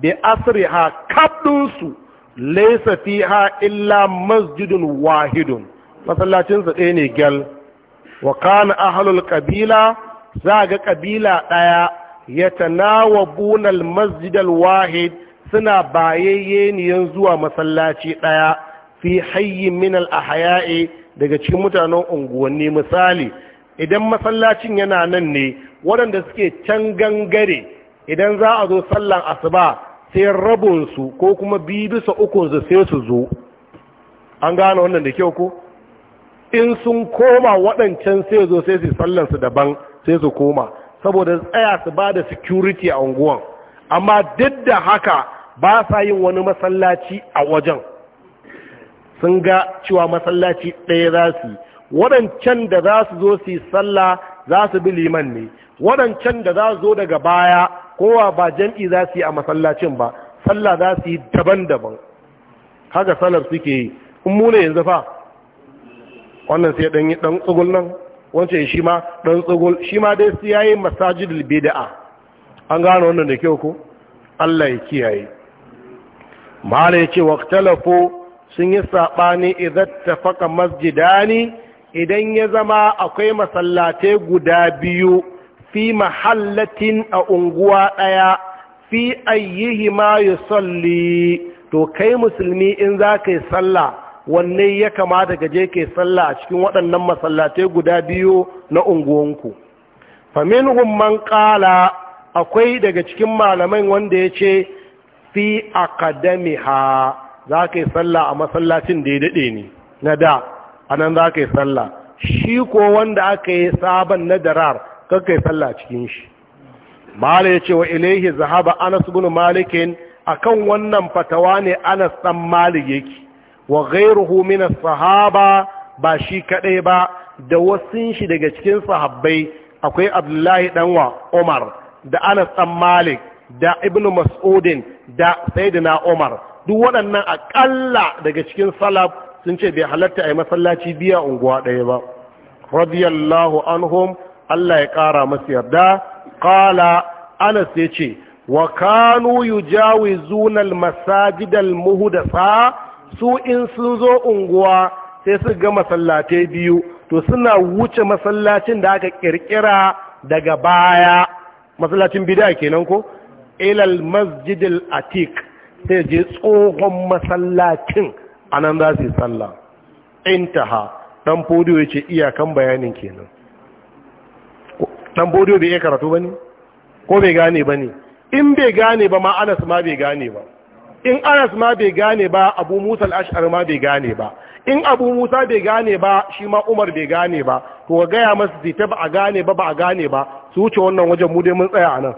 bi asiri ha kaɗinsu laisa fi ha illa masjidun wahidun masallacinsu ɗaya ne gyal wa kana ahalul ƙabila za ga ƙabila ɗaya ya tanawa bunal masjidal wahid suna bayayyeniyan zuwa masallaci ɗaya fi hayyin minal ahaya'i daga cikin mutanen unguwanni misali idan masallacin yana nan ne waɗanda suke can gangare idan za a zo sallan asuba sai rabonsu ko kuma biyu bisa ukunsu sai su zo an gane wannan da kyau ko in sun koma waɗancan sai zo sai su sallansu daban sai su koma saboda tsaya su ba da security a unguwan amma duk da haka ba sa yin wani masallaci a wajen sun ga cewa masallaci ɗaya za su waɗancan da za su zo su yi sallah za su bi liman ne waɗancan da za su zo daga baya kowa ba jam'i za su yi a masallacin ba sallah za su yi daban-daban haka salar suke yi in mu ne yanzu fa wannan sai ɗan yi ɗan tsugul nan wancan shi ma ɗan tsugul shi ma dai su yayi masajid bid'a an gano wannan da kyau ko Allah ya kiyaye mala yace waqtalafu sun yi saɓani idan tafaka masjidani idan ya zama akwai masallatai guda biyu fi mahallatin a unguwa ɗaya fi ayyihi ma salli to kai musulmi in za ka yi sallah wanne ya kamata ka je ka yi sallah a cikin waɗannan masallatai guda biyu na unguwanku famin man ƙala akwai daga cikin malamai wanda ya ce fi akadamiha za ka yi sallah a masallacin da ya daɗe ne na da a nan za ka yi sallah shi ko wanda aka yi sabon na darar kakka yi sallah cikin shi mala ya ce wa ilaihi zahaba anas bin malikin kan wannan fatawa ne anas dan malik yake wa ghairuhu min sahaba ba shi kaɗai ba da wasun shi daga cikin sahabbai akwai abdullahi ɗanwa umar da anas dan malik da ibnu mas'udin da na umar duk waɗannan aƙalla daga cikin salaf sun ce bai halatta a yi masallaci biya unguwa ɗaya ba radiyallahu anhum Allah ya ƙara masu yarda ƙala anas ya ce wa kanu muhu da sa, su in sun zo unguwa sai su ga masallatai biyu to suna wuce masallacin da aka ƙirƙira daga baya masallacin bid'a kenan ko ilal masjidil atik sai je tsohon masallacin a nan za su yi sallah intaha ɗan fodiyo ya ce iyakan bayanin kenan ɗan fodiyo bai iya karatu ba ne ko bai gane ba ne in bai gane ba ma anas ma bai gane ba in anas ma bai gane ba abu musa al'ashar ma bai gane ba in abu musa bai gane ba shi ma umar bai gane ba to gaya masu zita ba a gane ba ba a gane ba su wuce wannan wajen mu dai mun tsaya a nan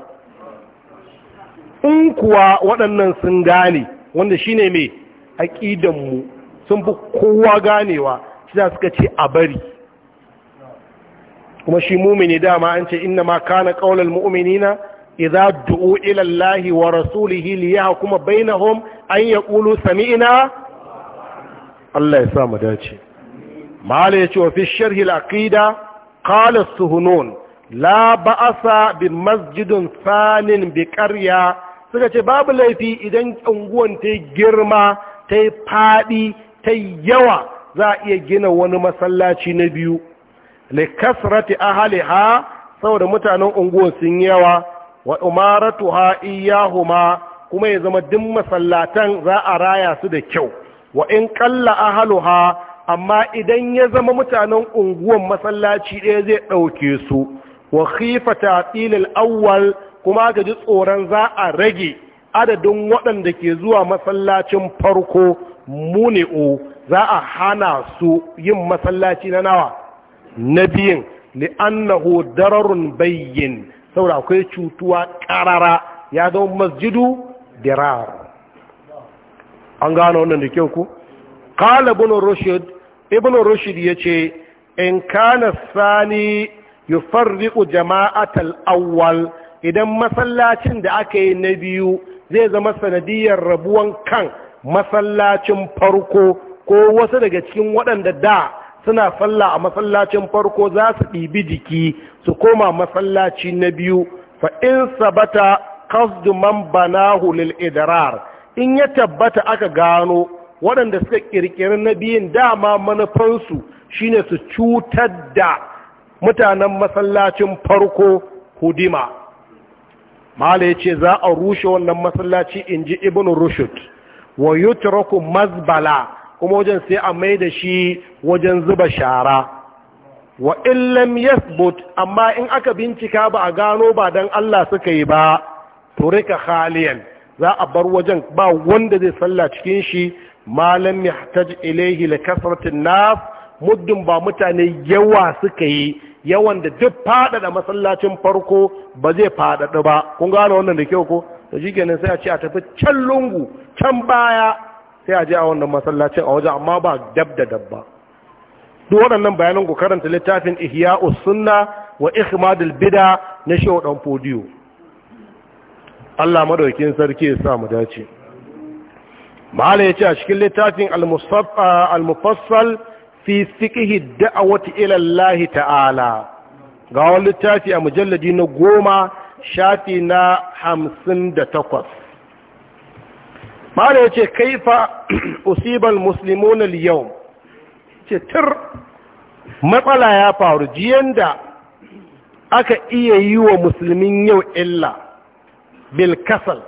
in kuwa waɗannan sun gane wanda shine mai aƙidanmu sun fi kowa ganewa shi za suka ce a bari kuma shi mumini dama an ce inna ma kana qaulal mu'minina idza du'u ila wa rasulihi kuma bainahum an ya sami sami'na Allah ya sa mu dace ya ce wa fi sharhi al-aqida qala la ba'asa bi masjidin sanin bi ƙarya suka ce babu laifi idan unguwan ta girma ta faɗi ta yawa za a iya gina wani masallaci na biyu likasrati ahliha saboda mutanen unguwan sun yawa wa umaratuha iyahuma kuma ya zama duk masallatan za a raya su da kyau wa in qalla ahluha amma idan ya zama mutanen unguwan masallaci ɗaya zai ɗauke su wa khifata tilal awwal kuma ka ji tsoron za a rage adadin waɗanda ke zuwa masallacin farko muni'u za a hana su yin masallaci na nawa na biyun li'annahu dararun bayyin saboda akwai cutuwa ƙarara ya zama masjidu dirar an gano wannan da kyau ku qala ibn rushd ibn rushd yace in kana sani yufarriqu jama'atal awwal idan masallacin da aka yi na biyu zai zama sanadiyar rabuwan kan masallacin farko ko wasu daga cikin waɗanda da suna sallah a masallacin farko za su ɗibi jiki su koma masallaci na biyu fa in sabata kasdu man banahu lil idrar in ya tabbata aka gano waɗanda suka ƙirƙiri na biyun dama manufansu shine su cutar da mutanen masallacin farko hudima mala ya ce za a rushe wannan masallaci in ji ibn rushd wa yutraku mazbala kuma wajen sai a mai da shi wajen zuba shara wa lam yathbut amma in aka bincika ba a gano ba dan Allah suka yi ba to turika khaliyan za a bar wajen ba wanda zai salla cikin shi malam yahtaj ilayhi li nas muddin ba mutane yawa suka yi yawan da duk faɗaɗa masallacin farko ba zai faɗaɗa ba kun gano wannan da kyau ko da shi kenan sai a ce a tafi can lungu can baya sai a je a wannan masallacin a wajen amma ba dab da dabba duk waɗannan bayanan ku karanta littafin ihya sunna wa ikhmadul bida na shehu dan fodiyo Allah madaukin sarki ya sa mu dace ya ce a cikin littafin al-musaffal al fi fiƙihi da'awati ilallahi ta'ala ga wani littafi a mujalladi na goma shafi na hamsin da takwas mara ya ce kaifa *clears throat* usibar musulmuna yau ce matsala ya faru jiyan da aka iya yi wa musulmin yau illa bilkasal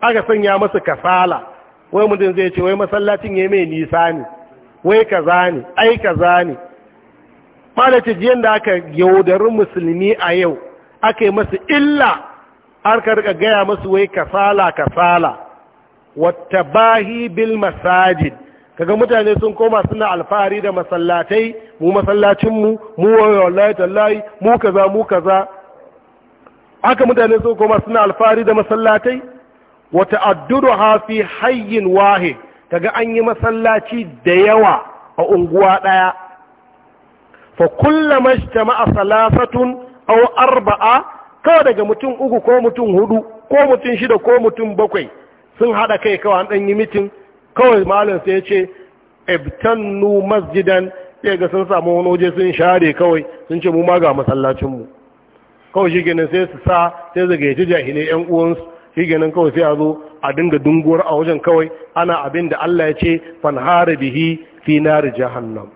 aka sanya masa kasala wai mutum zai ce wai masallacin ya mai nisa ne wai kaza ne ai kaza ne malace jiyan da aka yaudarin musulmi a yau aka yi masu illa har ka rika gaya masu wai kasala kasala wata bahi bil masajid kaga mutane sun koma suna alfahari da masallatai mu masallacinmu mu wallahi tallahi mu kaza mu kaza haka mutane sun koma suna alfahari da masallatai wata addudu hafi hayyin wahid kaga an yi masallaci da yawa a unguwa ɗaya fa mashta ma'a salasatun aw arba'a kawai daga mutum uku ko mutum hudu ko mutum shida ko mutum bakwai sun haɗa kai kawai an ɗan yi mitin kawai malam sai ya ce ibtannu masjidan sai ga sun samu wani waje sun share kawai sun ce mu ma ga masallacinmu kawai shi sai su sa sai zagaye jahilai yan uwansu shi ganin kawai sai a zo a dinga dunguwar a wajen kawai ana abin da Allah ya ce fanhara bihi fi nari jahannam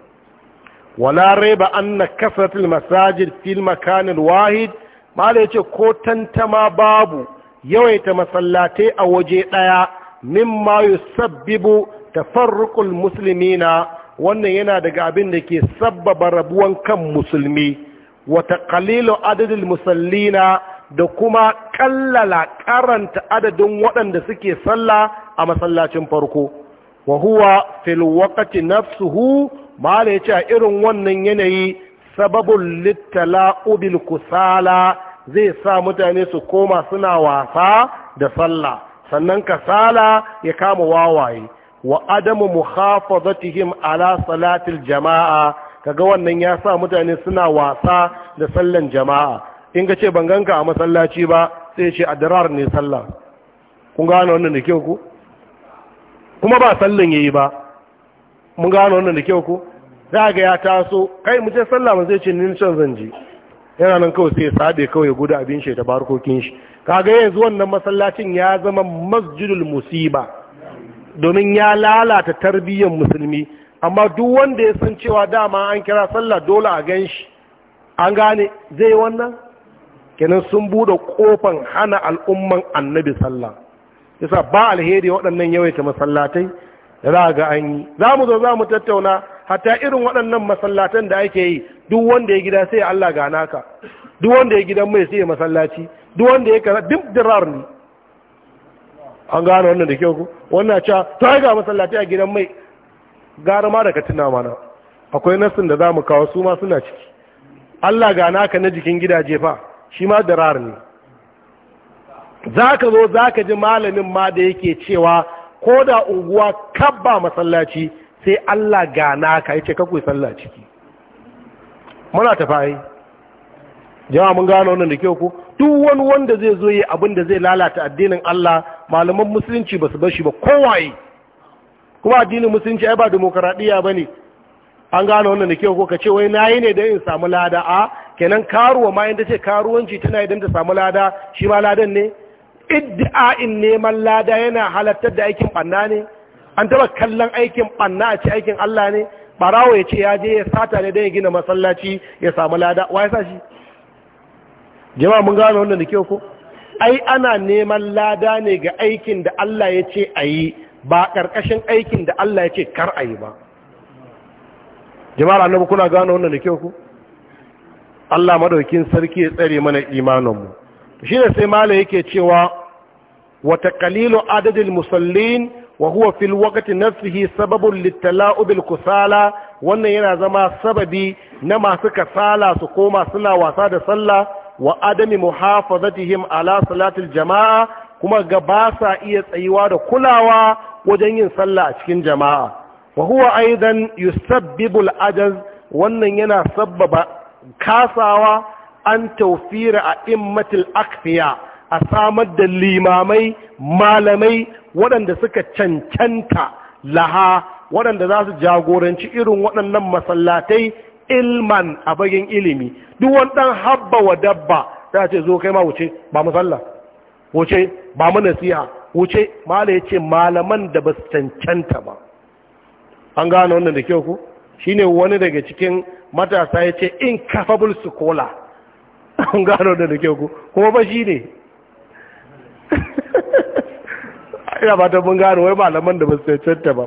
wala raiba anna kasratul masajid fil makanin wahid mala yace ko tantama babu yawaita masallatai a waje daya mimma yusabbibu tafarruqul muslimina wannan yana daga abin da ke sabbaba rabuwan kan musulmi wa taqlilu adadil musallina da kuma kallala karanta adadin waɗanda suke sallah a masallacin farko wa huwa fil waqti nafsuhu mala yace a irin wannan yanayi sababul littala'ubil kusala zai sa mutane su koma suna wasa da sallah sannan kasala ya kama wawaye wa adamu muhafazatihim ala salatil jama'a kaga wannan ya sa mutane suna wasa da sallan jama'a in ka ce ban ganka a masallaci ba sai ce dirar ne sallah kun gano wannan da kyau ku kuma ba sallan yayi ba mun gano wannan da kyau ku za ga ya taso kai mu ce sallah mun zai ce ni san zan je yana nan kawai sai ya sabe kawai ya gudu abin shi da barkokin shi kaga yanzu wannan masallacin ya zama masjidul musiba domin ya lalata tarbiyyar musulmi amma duk wanda ya san cewa dama an kira sallah dole a gan shi an gane zai wannan kenan sun bude kofan hana al'umman annabi sallah yasa ba alheri waɗannan yawaita masallatai da za ga an yi za mu zo za mu tattauna hatta irin waɗannan masallatan da ake yi duk wanda ya gida sai Allah ga naka duk wanda ya gidan mai sai masallaci duk wanda ya kaza duk dirar ne an gano wannan da kyau ko wannan cewa ta ga masallaci a gidan mai gara ma daga tuna mana akwai nasin da za mu kawo su ma suna ciki Allah ga naka na jikin gidaje fa shi ma dirar ne za ka zo za ka ji malamin ma da yake cewa ko da unguwa kabba masallaci sai Allah gana ka yi ce kakwai sallah ciki muna tafa yi jama mun gano wannan da kyau ku duk wani wanda zai zo yi abin da zai lalata addinin Allah malaman musulunci ba su bar ba kowaye kuma addinin musulunci ai ba demokaradiyya ba ne an gano wannan da kyau ko ka ce wai nayi ne don in samu lada a kenan karuwa ma yadda ce karuwanci tana idan ta samu lada shi ma ladan ne iddi'a'in neman lada yana halattar da aikin banna ne an taba kallon aikin banna a ce aikin Allah ne barawo ya ce ya je ya sata ne don ya gina masallaci ya samu lada wa ya sa shi jama'a mun gano wannan da kyau ko ai ana neman lada ne ga aikin da Allah ya ce a yi ba ƙarƙashin aikin da Allah ya ce kar a yi ba jama'ar annabi kuna gano wannan da kyau ku Allah madaukin sarki ya tsare mana imaninmu shi ne sai mala yake cewa wa taqlilu adadil musallin wa huwa fil waqti nafsihi sababun litala'ubil kusala wannan yana zama sababi na masu kasala su koma suna wasa da sallah wa adami muhafazatihim ala salatil jama'a kuma ga ba sa iya tsayuwa da kulawa wajen yin sallah a cikin jama'a wa huwa aidan yusabbibul ajaz wannan yana sabbaba kasawa an taufira a immatil akfiya a samar da limamai malamai waɗanda suka cancanta laha waɗanda za su jagoranci irin waɗannan masallatai ilman a bagin ilimi duk wani habba wa dabba za ce zo kai ma wuce ba musalla wuce ba mu nasiha wuce Malam yace malaman da ba su cancanta ba an gano wannan da kyau shi shine wani daga cikin matasa ya ce incapable scholar an gano wannan da kyau ku kuma ba shi ne *laughs* ina ba ta mun gano wai malaman da ba su cancanta ba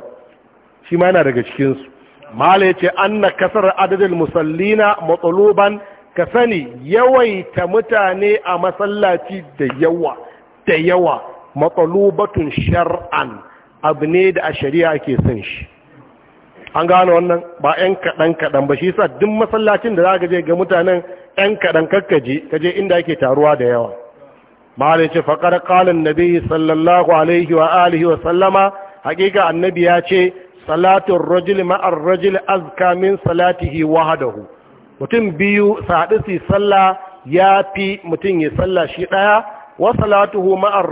shi ma yana daga cikinsu mala ya ce an na kasar adadin musallina matsaloban ka sani yawaita mutane a masallaci da yawa da yawa matsalobatun shar'an abu ne da a shari'a ke son shi an gano wannan ba yan kaɗan kaɗan ba shi sa duk masallacin da za ka je ga mutanen yan kaɗan kakkaji ka je inda ake taruwa da yawa malai ce faƙar ƙalin nabi sallallahu alaihi wa alihi wa sallama haƙiƙa annabi ya ce salatun rajul ma'ar rajul azka min salatihi wahadahu mutum biyu sa'adisi sallah ya fi mutum ya sallah shi ɗaya wasalatuhu ma'ar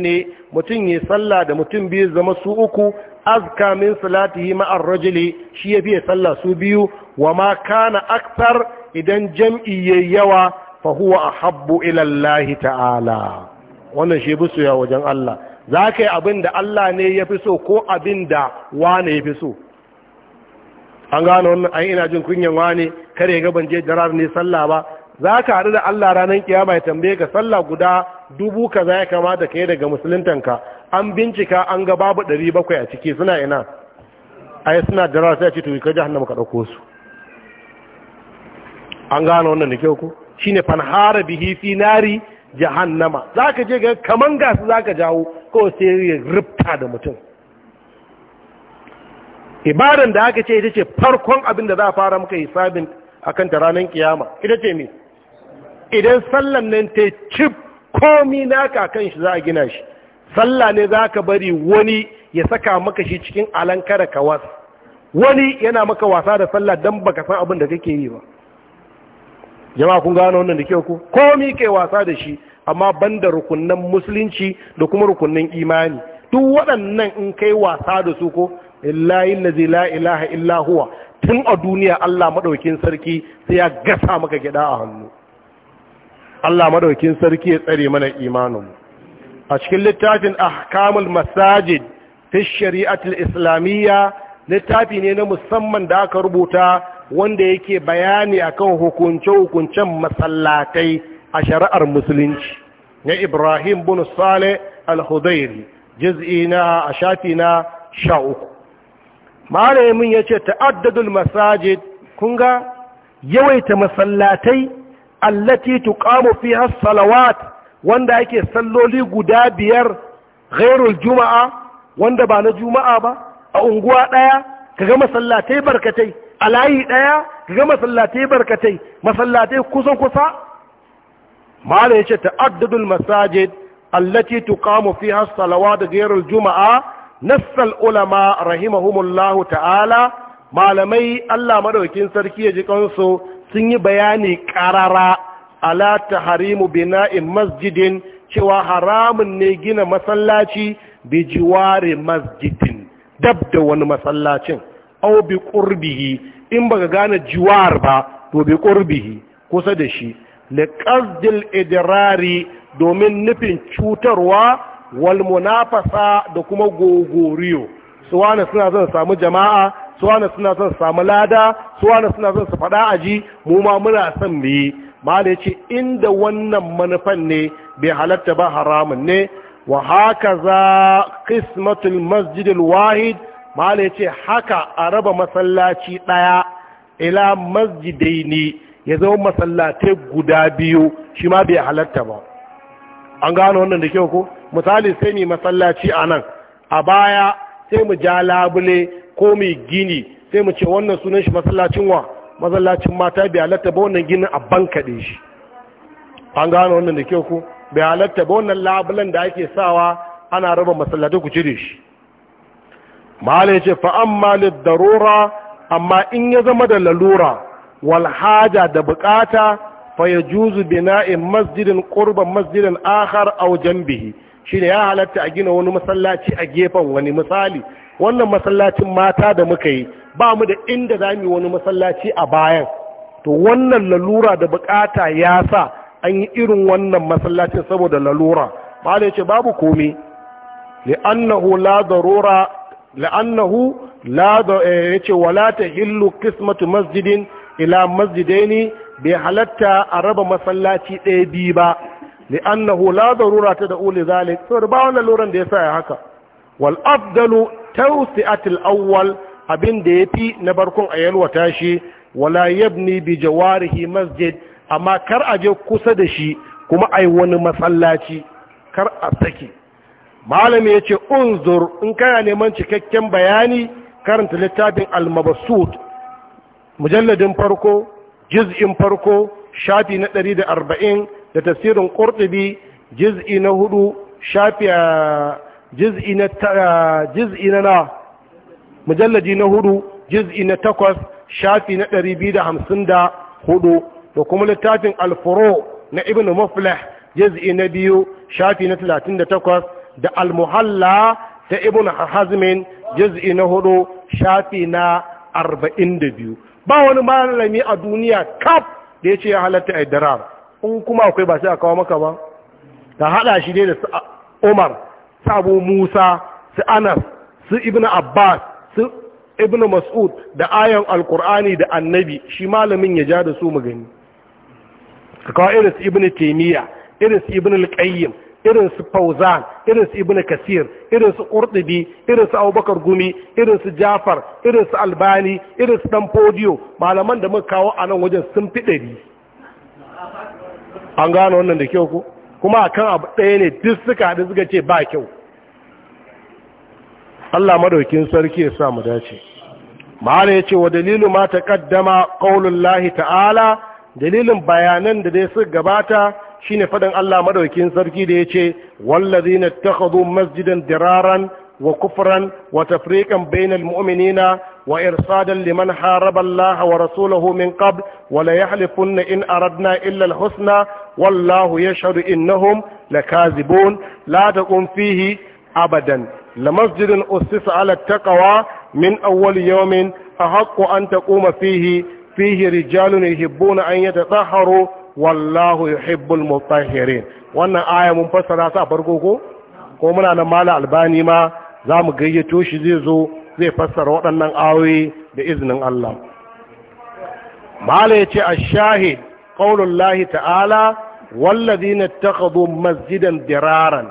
ne mutum yi sallah da mutum biyu zama su uku azka min salatihi ma'ar rajuli shi ya fiye sallah su biyu wa ma kana aktar idan jam'i yayi yawa fa huwa ahabbu ila Allah ta'ala wannan shi bisu ya wajen Allah zaka yi abin Allah ne ya fi so ko abin da wane ya fi so an gano wannan ai ina jin kunyan wane kare ga ban je jarar ne sallah ba za ka haɗu da Allah ranar kiyama ya tambaye ka sallah guda dubu ka za ya kamata ka yi daga musuluntanka an bincika an ga babu ɗari bakwai a ciki suna ina A yi suna da sai a ce to ka hannun ka ɗauko su an gano wannan da kyau ku ne fanhara bihi fi nari jahannama ka je ga kaman gasu za ka jawo ko sai ya rubta da mutum ibadan da aka ce ita ce farkon abin da za a fara muka maka hisabin akan ta ranar kiyama ita ce me idan sallan nan ta cif komi naka kan shi za a gina shi sallah ne za ka bari wani ya saka maka shi cikin alankara kawas wani yana maka wasa da sallah don baka san abin da kake yi ba jama'a kun gano wannan da ke ku? komi kai wasa da shi amma banda rukunan musulunci da kuma rukunnan imani duk waɗannan in kai wasa da su ko illahi allazi la ilaha illa tun a duniya Allah madaukin sarki sai ya gasa maka gida a hannu Allah madaukin sarki ya tsare mana imanin a cikin littafin ahkamul masajid fi shari'atul islamiyya littafi ne na musamman da aka rubuta wanda yake bayani akan hukunce-hukuncen masallatai a shari'ar musulunci na Ibrahim bin Saleh al-Hudairi juz'i na a shafi na 13 malamin yace ta'addadul masajid kun ga yawaita masallatai allati tuqamu fiha salawat wanda ake salloli guda biyar ghairul juma'a wanda ba na juma'a ba a unguwa daya kaga masallatai barkatai a layi daya kaga masallatai barkatai masallatai kusa kusa mala yace ta'addadul masajid allati tuqamu fiha salawat ghairul juma'a nassal ulama rahimahumullahu ta'ala malamai Allah madaukin sarki ya ji kansu sun yi bayani ƙarara ala ta taharimu bina'in masjidin cewa haramun ne gina masallaci bi jiware masjidin dab da wani masallacin au bi ƙurbihi in ba baka gane jiwar ba to bi ƙurbihi kusa da shi ƙasdil idirari domin nufin cutarwa wal munafasa da kuma gogoriyo su na suna zan samu jama'a su suna son samu lada su suna son su faɗa aji mu ma muna son mu yi da ya ce inda wannan manufan ne bai halatta ba haramun ne wa haka za kismatul masjidul wahid da ya ce haka a raba masallaci ɗaya ila masjidai ne ya zama masallatai guda biyu shi ma bai halatta ba an gano wannan da kyau ko misali sai mu masallaci a nan a baya sai mu ja labule ko mai gini sai mu ce wannan sunan shi masallacin wa masallacin mata bai halatta ba wannan ginin a banka bankaɗe shi an gano wannan da kyau ku bai halatta ba wannan labulan da ake sawa ana raba masallatai ku cire shi mahala ya fa fa'an malid darura amma in ya zama da lalura wal haja da bukata fa ya juzu bina'in masjidin ƙurban masjidin akhar au jambihi shi da ya halatta a gina wani masallaci a gefen wani misali wannan masallacin mata da muka yi ba mu da inda za mu wani masallaci a bayan to wannan lalura da bukata ya sa an yi irin wannan masallacin saboda lalura da ce babu komi li'annahu la darura li'annahu la eh, yace wala masjidin ila masjidai masjidaini bai halatta a raba masallaci ɗaya biyu ba li'annahu la darura ta da uli zalik saboda ba wannan loran da yasa ya haka wal afdalu tawsi'atul awwal abin da yafi na barkon a yalwata shi wala yabni bi jawarihi masjid amma kar a je kusa da shi kuma ai wani masallaci kar a saki malami yace unzur in kana neman cikakken bayani karanta littafin al-mabsut mujalladin farko juz'in farko shafi na 140 da tafsirin qurtubi jizi na hudu shafi juz'i na juz'i na mujallaji na hudu jizi na takwas shafi na ɗari biyu da hamsin da da hudu kuma littafin alfuro na ibnu muflih jizi na biyu shafi na talatin da takwas al-muhalla ta ibnu hazmin jizi na hudu shafi na arba'in da biyu. ba wani malami a duniya kaf da ya ce ya halatta a in kuma akwai ba sai a kawo maka ba ka haɗa shi ne da su umar su abu musa su anas su ibn abbas su ibn mas'ud da ayan alkur'ani da annabi shi malamin ya ja da su mu gani ka kawo irin su ibn taimiyya irin su ibn alƙayyim irin su fauzan irin su ibn kasir irin su qurtubi irin su abubakar gumi irin su jafar irin su albani irin su dan malaman da muka kawo a nan wajen sun fi ɗari an gano wannan da kyau ko kuma akan abu ɗaya ne duk suka haɗu suka ce ba kyau Allah madaukin sarki ya sa mu dace ma'ana ya ce wa dalilu ma ta kaddama ƙaunullahi ta'ala dalilin bayanan da dai suka gabata shine faɗin Allah madaukin sarki da ya ce wallazi na takhadu masjidan diraran wa kufran wa tafriƙan bainal mu'minina wa irsadan liman haraba wa rasulahu min qabl wa la yahlifunna in aradna illa al-husna wallahu ya sharu innahum kazibun la taqum fihi abadan masjidin usisa ala taqwa min awwal yawmin ahaqqu an taquma fihi fihi rijalun yuhibbuna an yatatahharu wallahu yuhibbul mutahhirin wannan aya mun fassara sa farko ko ko muna nan mala albani ma za mu gayyato shi zai zo zai fassara waɗannan ayoyi da iznin Allah mala yace ash-shahid ta'ala wallazina takhadhu masjidan diraran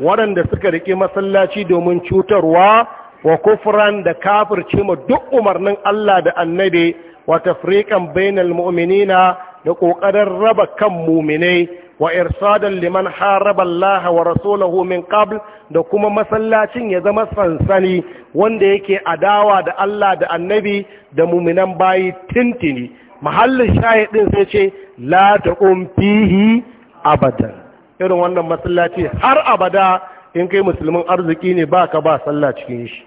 waɗanda suka riƙe masallaci domin cutarwa wa kufran da kafirce ma duk umarnin Allah da annabi wa tafriqan bainal mu'minina da ƙoƙarin raba kan muminai wa irsadan liman haraba Allah wa rasulahu min qabl da kuma masallacin ya zama sansani wanda yake adawa da Allah da annabi da muminan bayi tintini mahallin ɗin sai ce la taqum fihi abadan irin wannan masallaci har abada in kai musulmin arziki ne baka ba sallah cikin shi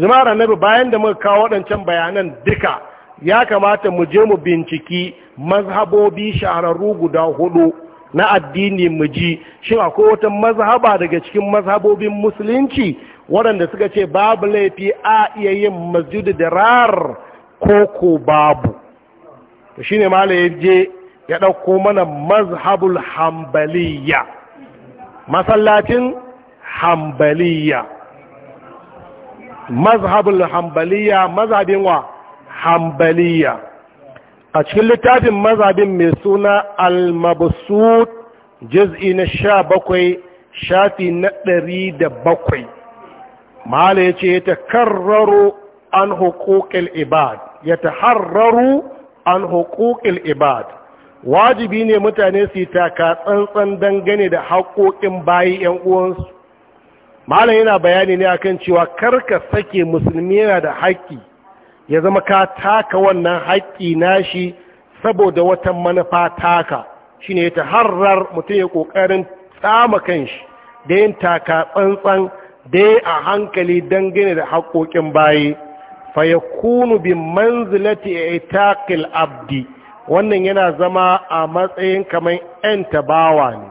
jama'ar annabi bayan da muka kawo waɗancan bayanan duka ya kamata mu je mu binciki mazhabobi shahararru guda hudu na addini mu ji shin akwai wata mazhaba daga cikin mazhabobin musulunci waɗanda suka ce babu laifi a iya yin masjidu da rar ko ko babu to shine mala ya je ya ɗauko mana mazhabul hambaliya masallacin hambaliya mazhabul hambaliya mazhabin wa hambaliya a cikin littafin mazhabin mai suna al-mabsut juz'i na sha bakwai shafi na ɗari da bakwai mala ya ce ya ta karraru an hukukul ibad ya ta harraru an hukukil ibad wajibi ne mutane su taka tsantsan dangane da haƙoƙin bayi 'yan uwansu malam yana bayani ne akan cewa karka sake musulmi yana da haƙƙi ya zama ka taka wannan haƙƙi nashi saboda wata manufa taka shine ta harrar mutum ya ƙoƙarin tsama kanshi da yin taka tsantsan dai a hankali dangane da haƙoƙin bayi fayakunu bi manzilati itaqil abdi wannan yana zama a matsayin kamar ɗan tabawa ne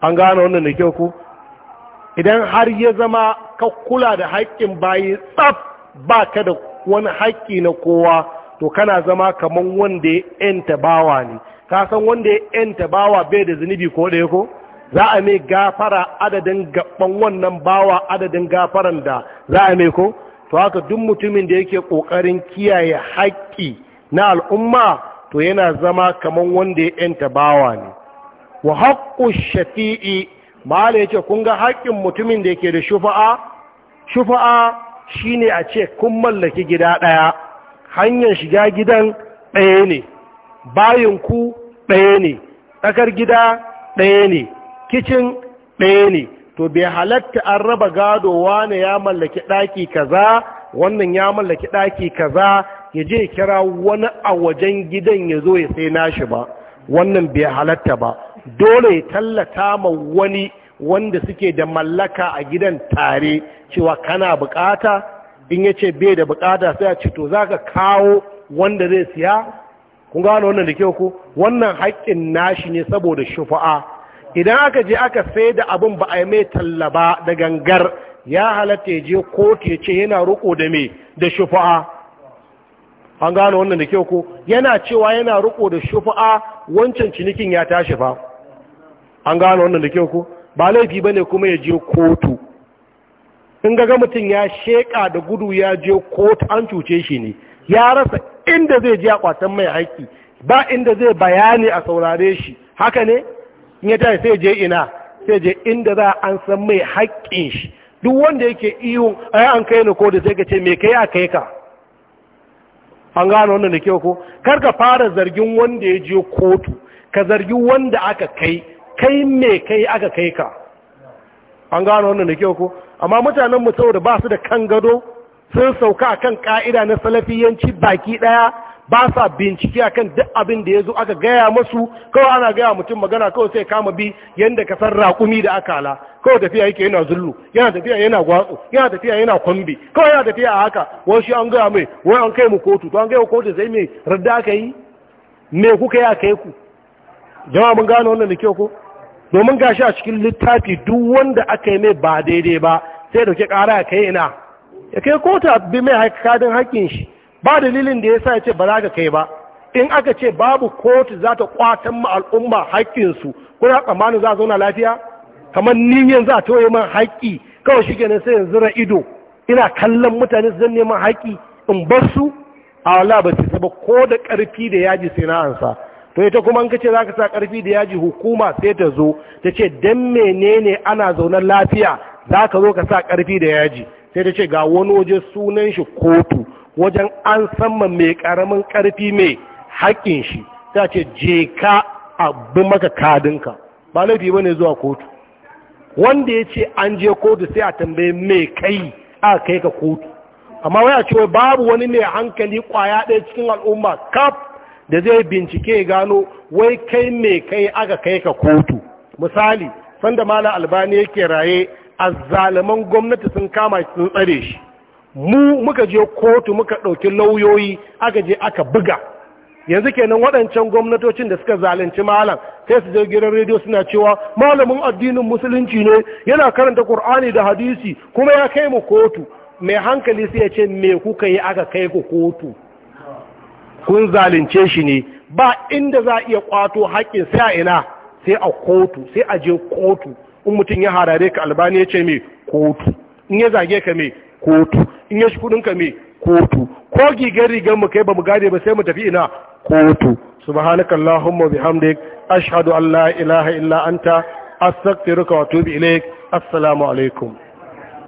an gano wannan da kyau ku idan har ya zama ka kula da haƙƙin bayi tsaf ba ka da wani haƙƙi na kowa to kana zama kaman wanda ya ɗan bawa ne ka san wanda ya ɗan tabawa bai da zunubi ko da ko za a mai gafara adadin gaban wannan bawa adadin gafaran da za a mai ko to haka duk mutumin da yake ƙoƙarin kiyaye haƙƙi na al'umma to yana zama kamar wanda ya ‘yanta bawa ne wa haƙƙu shafi'i ma'ala ya ce kun ga haƙƙin mutumin da yake da shufa'a shufa'a shine a ce kun mallaki gida ɗaya hanyar shiga gidan ɗaya ne ku ɗaya ne tsakar gida ɗaya ne kicin ɗaya ne to bai halatta an raba gado wane ya mallaki ɗaki kaza wannan ya mallaki ɗaki kaza ya je kira wani a wajen gidan ya zo ya sai nashi ba wannan bai halatta ba dole ya tallata ma wani wanda suke da mallaka a gidan tare cewa kana bukata in ya ce bai da bukata sai a ce to za ka kawo wanda zai siya kun gano wannan da kyau ko wannan haƙƙin nashi ne saboda shufa'a idan aka je aka sai da abin ba a yi mai talla ba da gangar ya halatta ya je kotu ya ce yana ruko da me da shufa'a an gano wannan da kyau ko yana cewa yana riko da shufa'a wancan cinikin ya tashi fa an gano wannan da kyau ko ba laifi ba ne kuma ya je kotu in ga mutum ya sheka da gudu ya je kotu an cuce shi ne ya rasa inda zai je a kwatan mai haƙƙi ba inda zai bayani a saurare shi haka ne in ya tashi sai je ina sai je inda za an san mai haƙƙin shi duk wanda yake ihu ai an kai ni ko da sai ka ce me kai a kai ka an gano wannan da kyau ko kar ka fara zargin wanda ya je kotu ka zargi wanda aka kai kai me kai aka kai ka an gano wannan da kyau ko amma mutanen mu saboda ba su da kan gado sun sauka akan ka'ida na salafiyanci baki daya ba sa bincike akan duk abin da ya zo aka gaya masu kawai ana gaya mutum magana kawai sai kama bi yadda ka san raƙumi da aka ala kawai tafiya yake yana zullu yana tafiya yana gwatsu yana tafiya yana kwambi kawai yana tafiya a haka wai shi an gaya mai wai an kai mu kotu to an gaya kotu sai mai radda aka yi me kuka yi aka yi ku jama'a mun gane wannan da kyau ko domin gashi a cikin littafi duk wanda aka yi mai ba daidai ba sai dauke ƙara ya kai ina ya kai kota bi mai kadin haƙƙin shi ba dalilin da ya sa ya ce ba za ka kai ba in aka ce babu kotu za ta kwatan ma al'umma haƙƙinsu kuna tsammanin za a zauna lafiya kamar ni za a toye man haƙƙi kawai shi kenan sai yanzu ra ido ina kallon mutane su zan neman haƙƙi in bar su a wala ba su saba ko da ƙarfi da yaji sai na ansa to ita kuma in ka ce za ka sa ƙarfi da yaji hukuma sai ta zo ta ce dan menene ana zaunar lafiya za ka zo ka sa ƙarfi da yaji sai ta ce ga wani waje sunan shi kotu wajen an samma mai karamin karfi mai haƙƙin shi ta ce je ka abu maka kadinka ba laifi ba ne zuwa kotu wanda ya ce an je kotu sai a tambaye mai kai a kai ka kotu amma wai a cewa babu wani mai hankali kwaya ɗaya cikin al'umma kaf da zai bincike gano wai kai mai kai aka kai ka kotu misali sanda malam albani yake raye a azzaliman gwamnati sun kama sun tsare shi mu muka je kotu muka ɗauki lauyoyi aka je aka buga yanzu kenan waɗancan gwamnatocin da suka zalunci malam sai su je gidan rediyo suna cewa malamin addinin musulunci ne yana karanta qur'ani da hadisi kuma ya kai mu kotu mai hankali sai ya ce me kuka yi aka kai ku kotu kun zalunce shi ne ba inda za a iya kwato haƙƙin sai a ina sai a kotu sai a je kotu in mutum ya harare ka albani ya ce me kotu in ya zage ka me kotu in ya shi kudin ka me kotu ko gigar rigar mu kai ba mu gane ba sai mu tafi ina kotu subhanaka allahumma bihamdik ashhadu an la ilaha illa anta astaghfiruka wa atubu ilaik assalamu alaikum